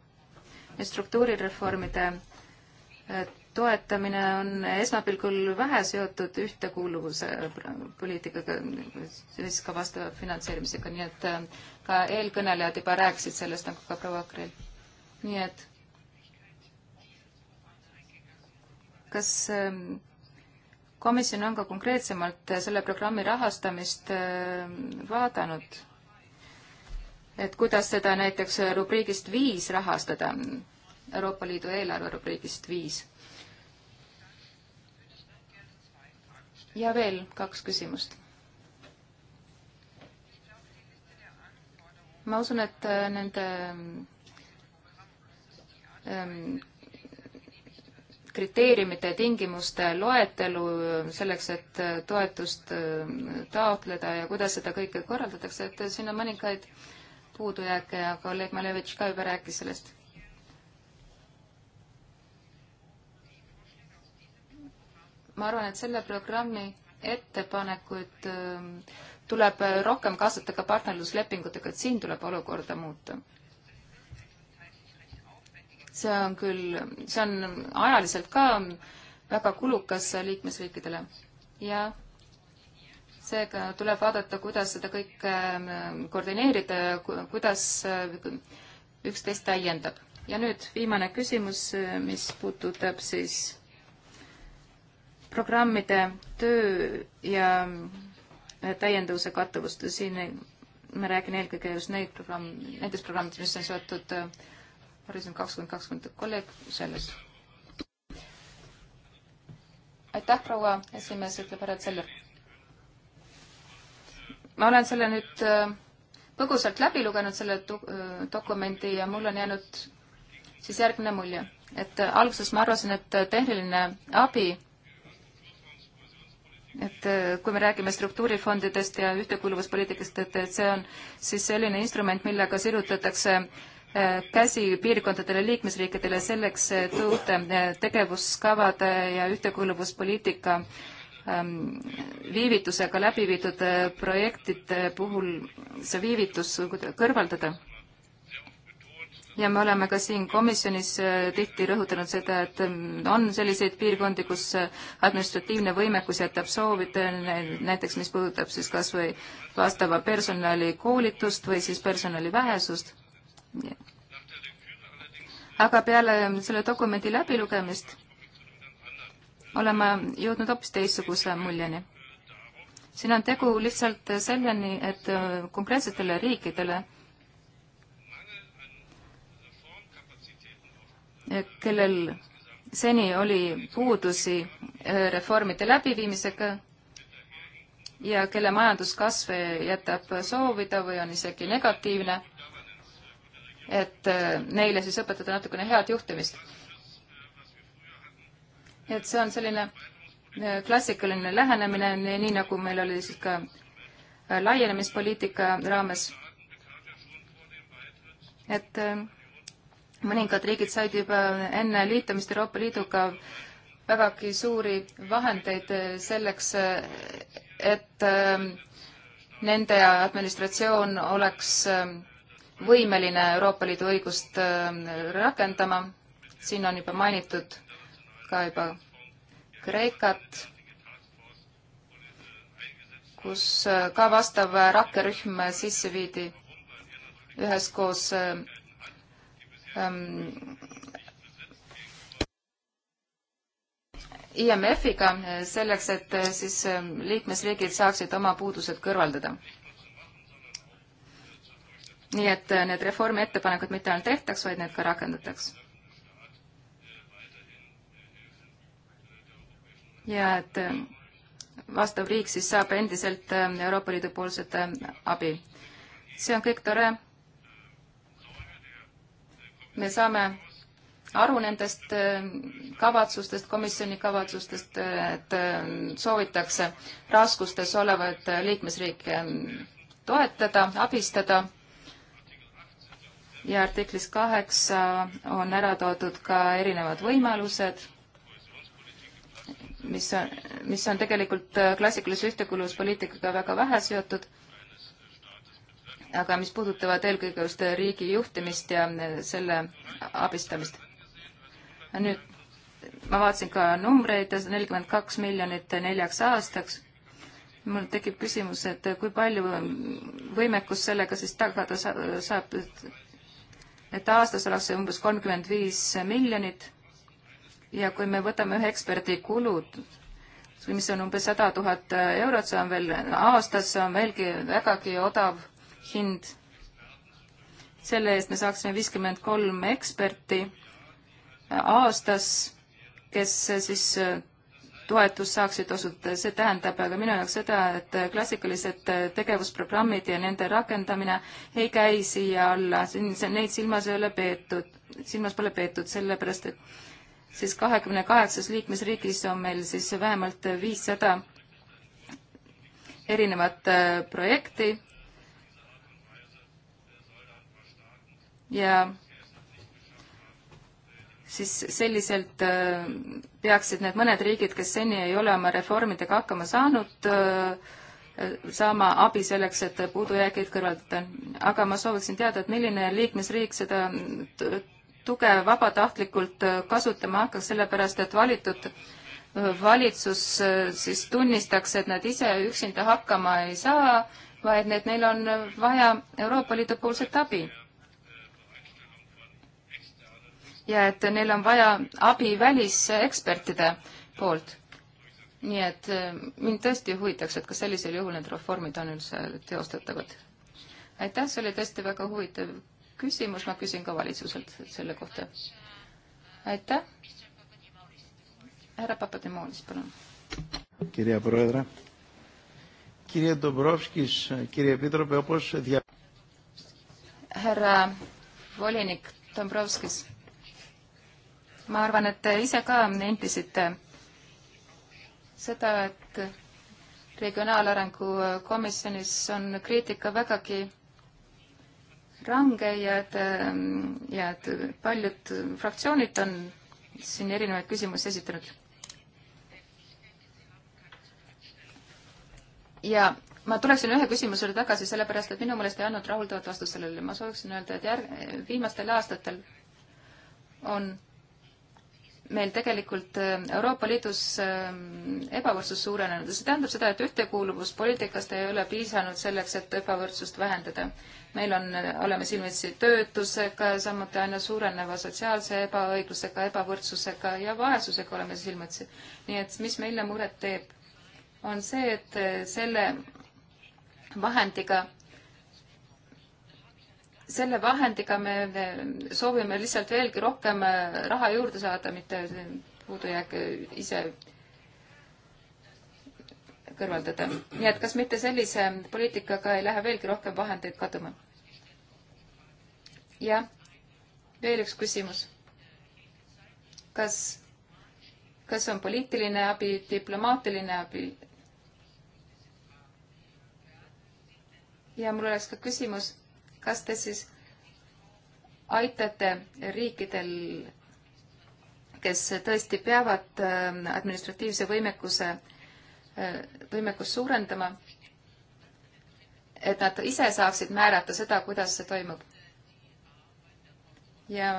nüüd struktuurireformide äh, toetamine on esmapilgul vähe seotud ühtekuuluvuse poliitikaga, siis ka vastava finantseerimisega, nii et äh, ka eelkõnelejad juba rääkisid sellest, nagu ka proua Akril. nii et kas ähm, komisjon on ka konkreetsemalt selle programmi rahastamist äh, vaadanud? et kuidas seda näiteks rubriigist viis rahastada, Euroopa Liidu eelarve rubriigist viis ja veel kaks küsimust. ma usun, et äh, nende ähm, kriteeriumite ja tingimuste loetelu selleks, et äh, toetust ähm, taotleda ja kuidas seda kõike korraldatakse, et äh, siin on mõningaid puudujääke ja kolleeg Malevitš ka juba rääkis sellest ma arvan, et selle programmi ettepanekuid ähm, tuleb rohkem kaasata ka partnerluslepingutega, et siin tuleb olukorda muuta. see on küll, see on ajaliselt ka väga kulukas liikmesriikidele ja seega tuleb vaadata, kuidas seda kõike ähm, koordineerida ja kuidas äh, üksteist täiendab. ja nüüd viimane küsimus, äh, mis puudutab siis programmide töö ja täienduse kattavust, siin ma räägin eelkõige just neid programm, nendest programmidest, mis on seotud äh, Horisont kakskümmend kakskümmend kolleeg selles. aitäh, proua esimees, ütleb härra Zeller. ma olen selle nüüd äh, põgusalt läbi lugenud, selle äh, dokumendi ja mul on jäänud siis järgmine mulje, et alguses ma arvasin, et tehniline abi et äh, kui me räägime struktuurifondidest ja ühtekuuluvuspoliitikast, et, et see on siis selline instrument, millega sirutatakse äh, käsi piirkondadele, liikmesriikidele selleks, et uute äh, tegevuskavade ja ühtekuuluvuspoliitika ähm, viivitusega läbi viidud projektide puhul see viivitus kõrvaldada ja me oleme ka siin komisjonis äh, tihti rõhutanud seda, et mm, on selliseid piirkondi, kus äh, administratiivne võimekus jätab soovida, näiteks mis puudutab siis kas või vastava personali koolitust või siis personali vähesust. aga peale mm, selle dokumendi läbilugemist oleme jõudnud hoopis teistsuguse muljeni. siin on tegu lihtsalt selleni, et äh, konkreetsetele riikidele kellel seni oli puudusi äh, reformide läbiviimisega ja kelle majanduskasv jätab soovida või on isegi negatiivne, et äh, neile siis õpetada natukene head juhtimist. et see on selline äh, klassikaline lähenemine, nii nagu meil oli siis ka laienemispoliitika raames. et mõningad riigid said juba enne liitumist Euroopa Liiduga vägagi suuri vahendeid selleks, et ähm, nende administratsioon oleks ähm, võimeline Euroopa Liidu õigust ähm, rakendama. siin on juba mainitud ka juba Kreekat, kus äh, ka vastav rakkerühm sisse viidi üheskoos äh, Ähm, IMF-iga äh, selleks, et äh, siis ähm, liikmesriigid saaksid oma puudused kõrvaldada. nii et äh, need reformi ettepanekud mitte ainult tehtaks, vaid need ka rakendataks. ja et vastav riik siis saab endiselt Euroopa Liidu poolset abi. see on kõik tore, me saame aru nendest äh, kavatsustest, komisjoni kavatsustest, et äh, soovitakse raskustes olevaid liikmesriike ähm, toetada, abistada ja artiklis kaheksa on ära toodud ka erinevad võimalused, mis on, mis on tegelikult äh, klassikalise ühtekuuluvuspoliitikaga väga vähe seotud aga mis puudutavad eelkõige just riigi juhtimist ja eh, selle abistamist. nüüd ma vaatasin ka numbreid, nelikümmend kaks miljonit neljaks aastaks. mul tekib küsimus, et kui palju võimekus sellega siis tagada saab, et aastas oleks see umbes kolmkümmend viis miljonit ja kui me võtame ühe eksperdi kulud, mis on umbes sada tuhat eurot, see on veel aastas, see on veelgi vägagi odav hind. selle eest me saaksime viiskümmend kolm eksperti äh, aastas, kes äh, siis äh, toetust saaksid osutada, see tähendab aga minu jaoks seda, et klassikalised tegevusprogrammid ja nende rakendamine ei käi siia alla, neid silmas ei ole peetud, silmas pole peetud, sellepärast et siis kahekümne kaheksas liikmesriigis on meil siis vähemalt viissada erinevat projekti ja siis selliselt äh, peaksid need mõned riigid, kes seni ei ole oma reformidega hakkama saanud, äh, saama abi selleks, et puudujäägid kõrvaldada. aga ma sooviksin teada, et milline liikmesriik seda tuge vabatahtlikult äh, kasutama hakkas, sellepärast et valitud valitsus siis tunnistaks, et nad ise üksinda hakkama ei saa, vaid et neil on vaja Euroopa Liidu poolset abi ja et neil on vaja abi välisekspertide poolt. nii et äh, mind tõesti huvitaks, et kas sellisel juhul need reformid on üldse teostatavad. aitäh, see oli tõesti väga huvitav küsimus, ma küsin ka valitsuselt selle kohta. aitäh. härra Papademoulis, palun. kirja proua. Κύριε Ντομπρόφσκης, κύριε Επίτροπε, όπως δια... Herra volinik Dombrovskis, ma arvan, et te ise ka nentisite seda, et Regionaalarengu komisjonis on kriitika vägagi range ja et, ja et paljud fraktsioonid on siin erinevaid küsimusi esitanud. ja ma tuleksin ühe küsimuse juurde tagasi, sellepärast et minu meelest ei andnud rahuldavat vastust sellele. ma sooviksin öelda, et järg-, viimastel aastatel on meil tegelikult äh, Euroopa Liidus ähm, ebavõrdsus suurenenud ja see tähendab seda, et ühtekuuluvuspoliitikast ei ole piisanud selleks, et ebavõrdsust vähendada. meil on, äh, oleme silmitsi töötusega, samuti aina suureneva sotsiaalse ebaõiglusega, ebavõrdsusega ja vaesusega oleme silmitsi. nii et mis meile muret teeb, on see, et äh, selle vahendiga selle vahendiga me soovime lihtsalt veelgi rohkem äh, raha juurde saada, mitte puudujääk ise kõrvaldada. nii et kas mitte sellise poliitikaga ei lähe veelgi rohkem vahendeid kaduma? jah, veel üks küsimus. kas, kas on poliitiline abi, diplomaatiline abi? ja mul oleks ka küsimus kas te siis aitate riikidel, kes tõesti peavad ähm, administratiivse võimekuse, äh, võimekust suurendama, et nad ise saaksid määrata seda, kuidas see toimub? ja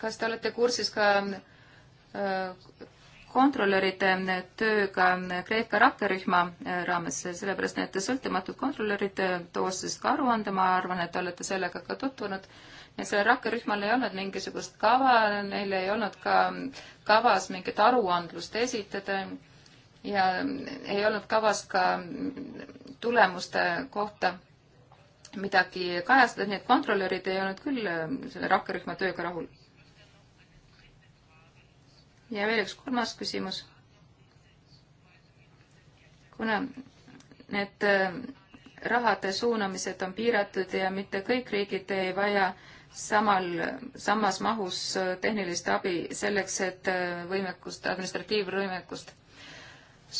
kas te olete kursis ka äh, kontrolöride tööga Kreeka rakkerühma äh, raames, sellepärast et sõltumatud kontrolörid toosid ka aruande, ma arvan, et olete sellega ka tutvunud. ja sellel rakkerühmal ei olnud mingisugust kava, neil ei olnud ka kavas mingit aruandlust esitada ja ei olnud kavas ka tulemuste kohta midagi kajastada, nii et kontrolörid ei olnud küll äh, selle rakkerühma tööga rahul ja veel üks kolmas küsimus. kuna need äh, rahade suunamised on piiratud ja mitte kõik riigid ei vaja samal, samas mahus äh, tehnilist abi selleks, et äh, võimekust, administratiivvõimekust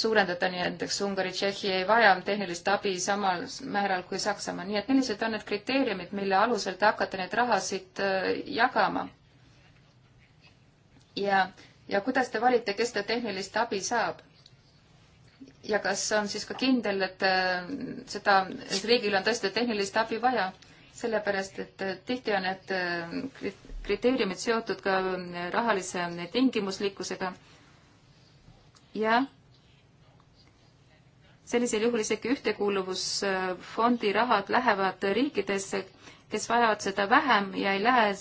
suurendada, nii et näiteks Ungari, Tšehhi ei vaja tehnilist abi samal määral kui Saksamaa, nii et millised on need kriteeriumid, mille alusel te hakkate neid rahasid jagama? ja ja kuidas te valite, kes seda tehnilist abi saab? ja kas on siis ka kindel, et äh, seda, et riigil on tõesti tehnilist abi vaja? sellepärast, et äh, tihti on need äh, kriteeriumid seotud ka rahalise tingimuslikkusega. ja sellisel juhul isegi ühtekuuluvusfondi rahad lähevad riikidesse, kes vajavad seda vähem ja ei lähe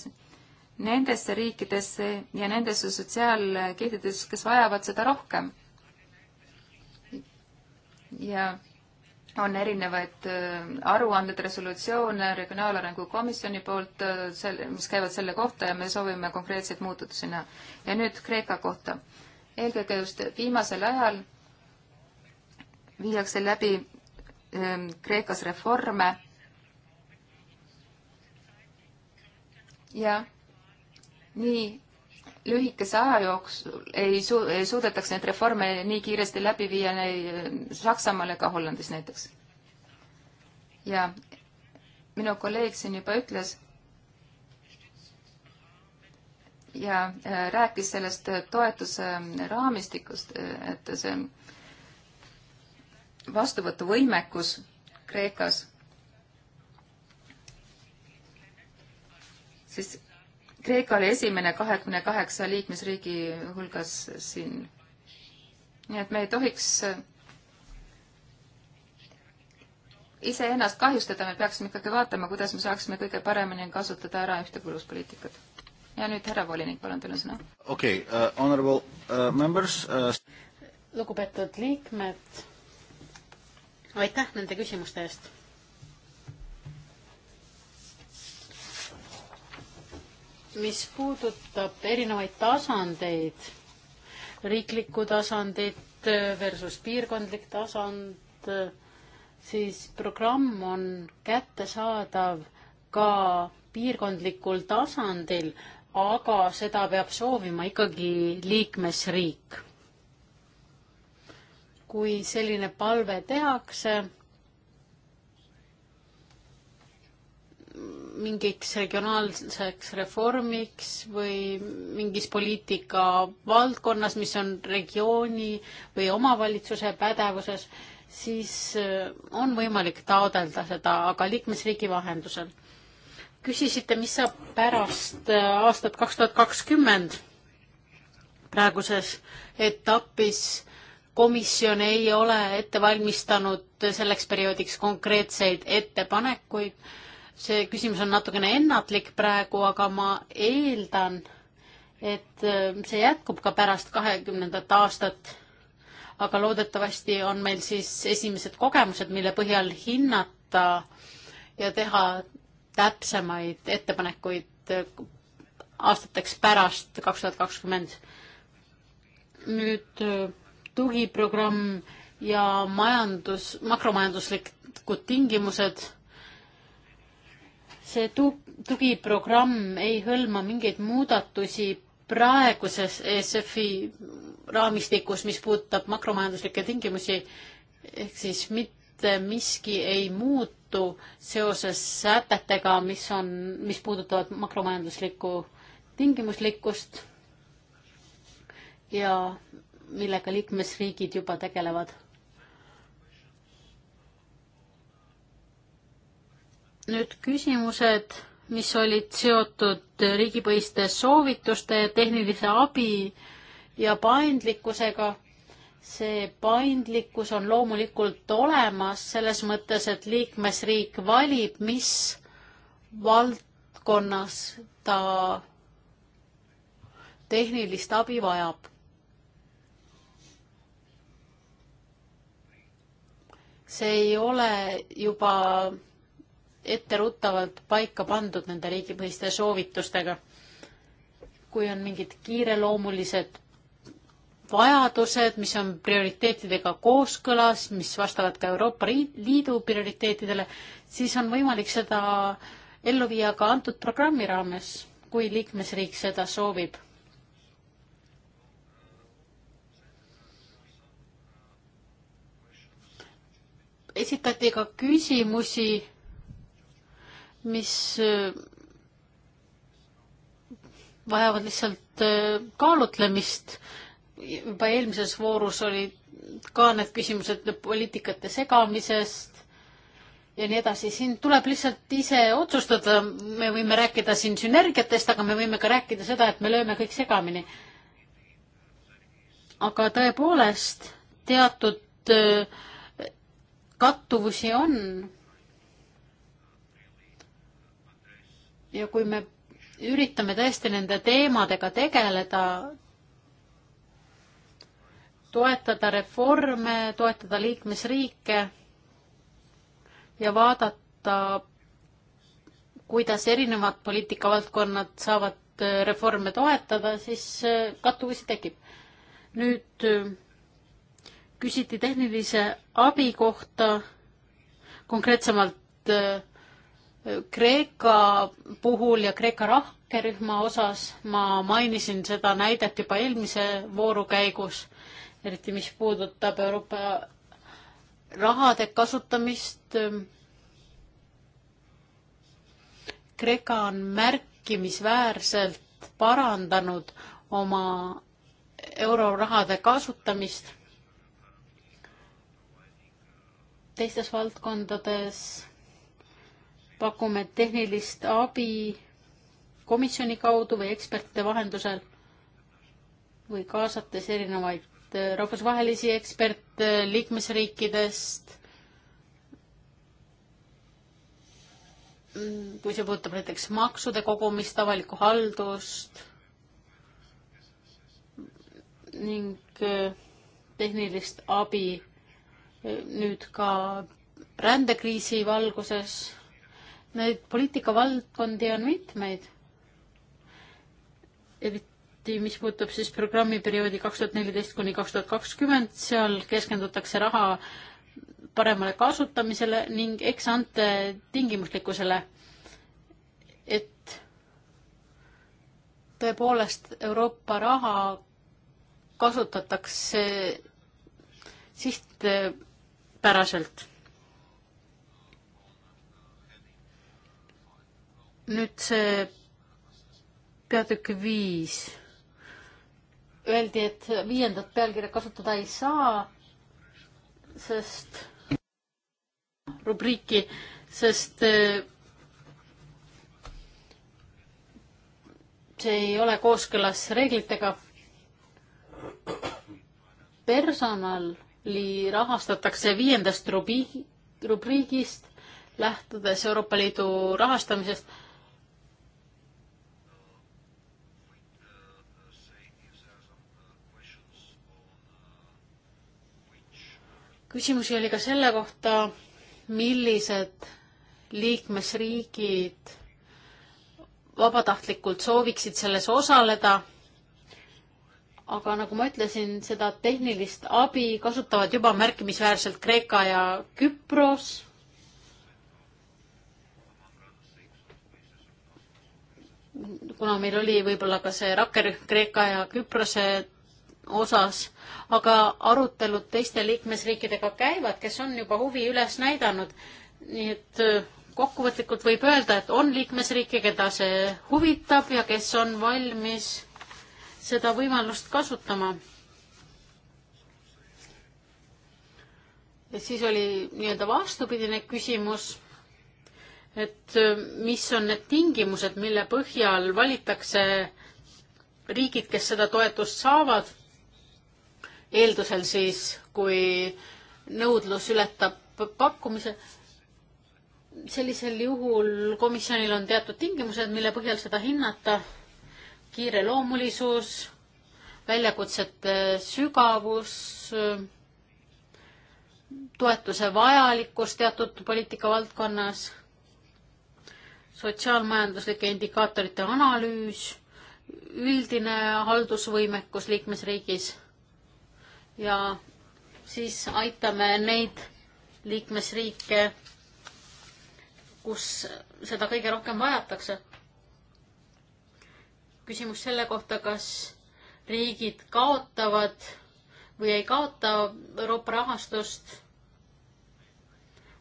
nendesse riikidesse ja nendesse sotsiaalkihtidesse, kes vajavad seda rohkem. ja on erinevaid äh, aruanded, resolutsioone Regionaalarengu Komisjoni poolt, äh, sel-, mis käivad selle kohta ja me soovime konkreetseid muutusi näha. ja nüüd Kreeka kohta. eelkõige just viimasel ajal viiakse läbi ähm, Kreekas reforme ja nii lühikese aja jooksul ei, su ei suudetaks neid reforme nii kiiresti läbi viia Saksamaal ega Hollandis näiteks. ja minu kolleeg siin juba ütles ja äh, rääkis sellest äh, toetuse äh, raamistikust, et see vastuvõtuvõimekus Kreekas, siis Kreeka oli esimene kahekümne kaheksa liikmesriigi hulgas siin. nii et me ei tohiks äh, iseennast kahjustada, me peaksime ikkagi vaatama, kuidas me saaksime kõige paremini kasutada ära ühtekuuluvuspoliitikat. ja nüüd härra volinik, palun, teil on sõna. okei okay, uh,, honorable uh, members uh.... lugupeetud liikmed, aitäh nende küsimuste eest mis puudutab erinevaid tasandeid, riiklikku tasandit versus piirkondlik tasand, siis programm on kättesaadav ka piirkondlikul tasandil, aga seda peab soovima ikkagi liikmesriik. kui selline palve tehakse mingiks regionaalseks reformiks või mingis poliitika valdkonnas, mis on regiooni või omavalitsuse pädevuses, siis äh, on võimalik taodelda seda, aga liikmesriigi vahendusel. küsisite, mis saab pärast äh, aastat kaks tuhat kakskümmend praeguses etapis komisjon ei ole ette valmistanud selleks perioodiks konkreetseid ettepanekuid see küsimus on natukene ennatlik praegu, aga ma eeldan, et äh, see jätkub ka pärast kahekümnendat aastat. aga loodetavasti on meil siis esimesed kogemused, mille põhjal hinnata ja teha täpsemaid ettepanekuid äh, aastateks pärast kaks tuhat kakskümmend. nüüd äh, tugiprogramm ja majandus, makromajanduslikud tingimused see tugiprogramm ei hõlma mingeid muudatusi praeguses ESF-i raamistikus, mis puudutab makromajanduslikke tingimusi, ehk siis mitte miski ei muutu seoses sätetega, mis on, mis puudutavad makromajanduslikku tingimuslikkust ja millega liikmesriigid juba tegelevad nüüd küsimused, mis olid seotud riigipõhiste soovituste ja tehnilise abi ja paindlikkusega. see paindlikkus on loomulikult olemas selles mõttes, et liikmesriik valib, mis valdkonnas ta tehnilist abi vajab. see ei ole juba etteruttavalt paika pandud nende riigipõhiste soovitustega. kui on mingid kiireloomulised vajadused, mis on prioriteetidega kooskõlas, mis vastavad ka Euroopa Liidu prioriteetidele, siis on võimalik seda ellu viia ka antud programmi raames, kui liikmesriik seda soovib esitati ka küsimusi mis äh, vajavad lihtsalt äh, kaalutlemist. juba eelmises voorus olid ka need küsimused poliitikate segamisest ja nii edasi. siin tuleb lihtsalt ise otsustada, me võime rääkida siin sünergiatest, aga me võime ka rääkida seda, et me lööme kõik segamini. aga tõepoolest teatud äh, kattuvusi on ja kui me üritame tõesti nende teemadega tegeleda, toetada reforme, toetada liikmesriike ja vaadata, kuidas erinevad poliitikavaldkonnad saavad äh, reforme toetada, siis äh, kattuvusi tekib. nüüd äh, küsiti tehnilise abi kohta, konkreetsemalt Kreeka puhul ja Kreeka rakkerühma osas ma mainisin seda näidet juba eelmise vooru käigus, eriti mis puudutab Euroopa rahade kasutamist. Kreeka on märkimisväärselt parandanud oma eurorahade kasutamist teistes valdkondades pakume tehnilist abi komisjoni kaudu või ekspertide vahendusel või kaasates erinevaid äh, rahvusvahelisi eksperte liikmesriikidest. Mm, kui see puudutab näiteks maksude kogumist, avalikku haldust ning äh, tehnilist abi äh, nüüd ka rändekriisi valguses Neid poliitikavaldkondi on mitmeid. eriti, mis puudutab siis programmiperioodi kaks tuhat neliteist kuni kaks tuhat kakskümmend, seal keskendutakse raha paremale kasutamisele ning eksante tingimuslikkusele. et tõepoolest Euroopa raha kasutatakse sihtpäraselt nüüd see peatükk viis. Öeldi, et viiendat pealkirja kasutada ei saa, sest rubriiki, sest äh, see ei ole kooskõlas reeglitega. personali rahastatakse viiendast rubi-, rubriigist, lähtudes Euroopa Liidu rahastamisest küsimusi oli ka selle kohta, millised liikmesriigid vabatahtlikult sooviksid selles osaleda. aga nagu ma ütlesin, seda tehnilist abi kasutavad juba märkimisväärselt Kreeka ja Küpros. kuna meil oli võib-olla ka see rakkerühm Kreeka ja Küprose osas, aga arutelud teiste liikmesriikidega käivad, kes on juba huvi üles näidanud. nii et äh, kokkuvõtlikult võib öelda, et on liikmesriike, keda see huvitab ja kes on valmis seda võimalust kasutama. ja siis oli nii-öelda vastupidine küsimus, et äh, mis on need tingimused, mille põhjal valitakse riigid, kes seda toetust saavad eeldusel siis, kui nõudlus ületab pakkumise, sellisel juhul komisjonil on teatud tingimused, mille põhjal seda hinnata, kiireloomulisus, väljakutsete sügavus, toetuse vajalikkus teatud poliitikavaldkonnas, sotsiaalmajanduslike indikaatorite analüüs, üldine haldusvõimekus liikmesriigis ja siis aitame neid liikmesriike, kus seda kõige rohkem vajatakse. küsimus selle kohta, kas riigid kaotavad või ei kaota Euroopa rahastust.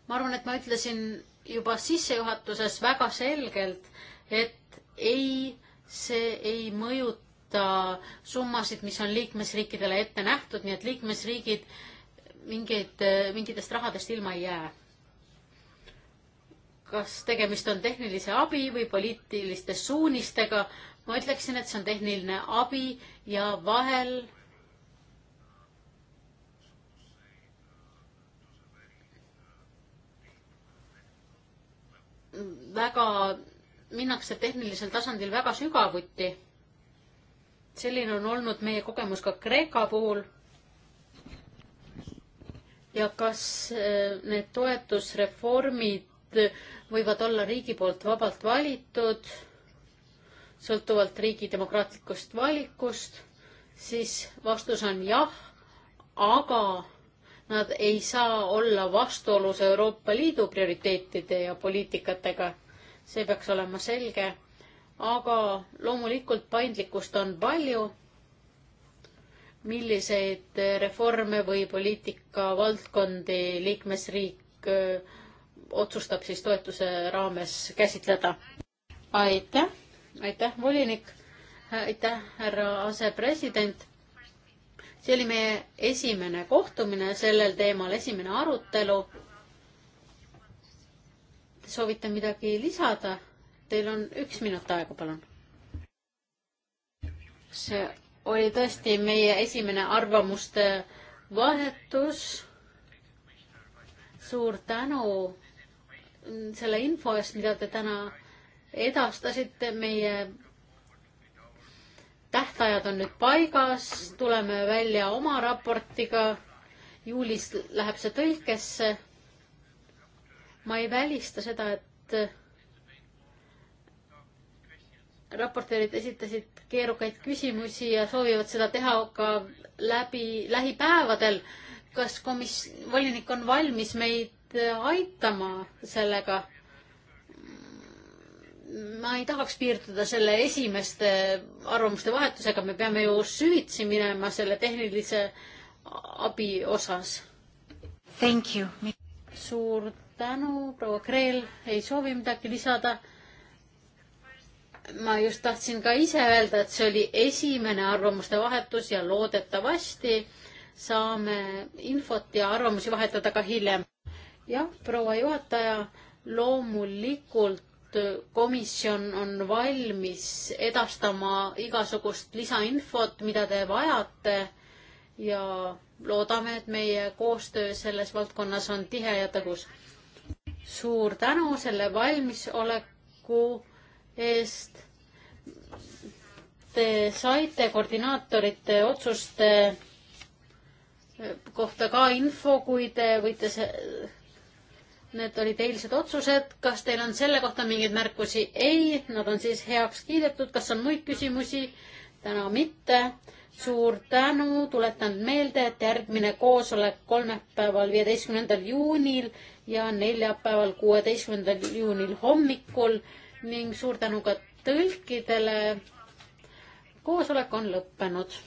ma arvan, et ma ütlesin juba sissejuhatuses väga selgelt, et ei, see ei mõjuta kasuta äh, summasid, mis on liikmesriikidele ette nähtud, nii et liikmesriigid mingeid, äh, mingitest rahadest ilma ei jää. kas tegemist on tehnilise abi või poliitiliste suunistega, ma ütleksin, et see on tehniline abi ja vahel väga minnakse tehnilisel tasandil väga sügavuti selline on olnud meie kogemus ka Kreeka puhul. ja kas äh, need toetusreformid võivad olla riigi poolt vabalt valitud, sõltuvalt riigi demokraatlikust valikust, siis vastus on jah, aga nad ei saa olla vastuolus Euroopa Liidu prioriteetide ja poliitikatega. see peaks olema selge aga loomulikult paindlikkust on palju. milliseid reforme või poliitikavaldkondi liikmesriik otsustab siis toetuse raames käsitleda? aitäh, aitäh, volinik, aitäh, härra asepresident. see oli meie esimene kohtumine sellel teemal, esimene arutelu soovite midagi lisada? Teil on üks minut aega, palun. see oli tõesti meie esimene arvamuste vahetus. suur tänu selle info eest, mida te täna edastasite. meie tähtajad on nüüd paigas, tuleme välja oma raportiga. juulis läheb see tõlkesse. ma ei välista seda, et raportöörid esitasid keerukaid küsimusi ja soovivad seda teha ka läbi lähipäevadel. kas komis-, volinik on valmis meid aitama sellega? ma ei tahaks piirduda selle esimeste arvamuste vahetusega, me peame ju süvitsi minema selle tehnilise abi osas. suur tänu, proua Kreel ei soovi midagi lisada ma just tahtsin ka ise öelda, et see oli esimene arvamuste vahetus ja loodetavasti saame infot ja arvamusi vahetada ka hiljem. jah, proua juhataja, loomulikult komisjon on valmis edastama igasugust lisainfot, mida te vajate ja loodame, et meie koostöö selles valdkonnas on tihe ja tõhus. suur tänu selle valmisoleku eest. Te saite koordinaatorite otsuste eh, kohta ka info, kui te võite see, need olid eilsed otsused, kas teil on selle kohta mingeid märkusi? ei, nad on siis heaks kiidetud, kas on muid küsimusi? täna mitte. suur tänu, tuletan meelde, et järgmine koosolek kolmapäeval, viieteistkümnendal juunil ja neljapäeval, kuueteistkümnendal juunil hommikul ning suur tänu ka tõlkidele. koosolek on lõppenud.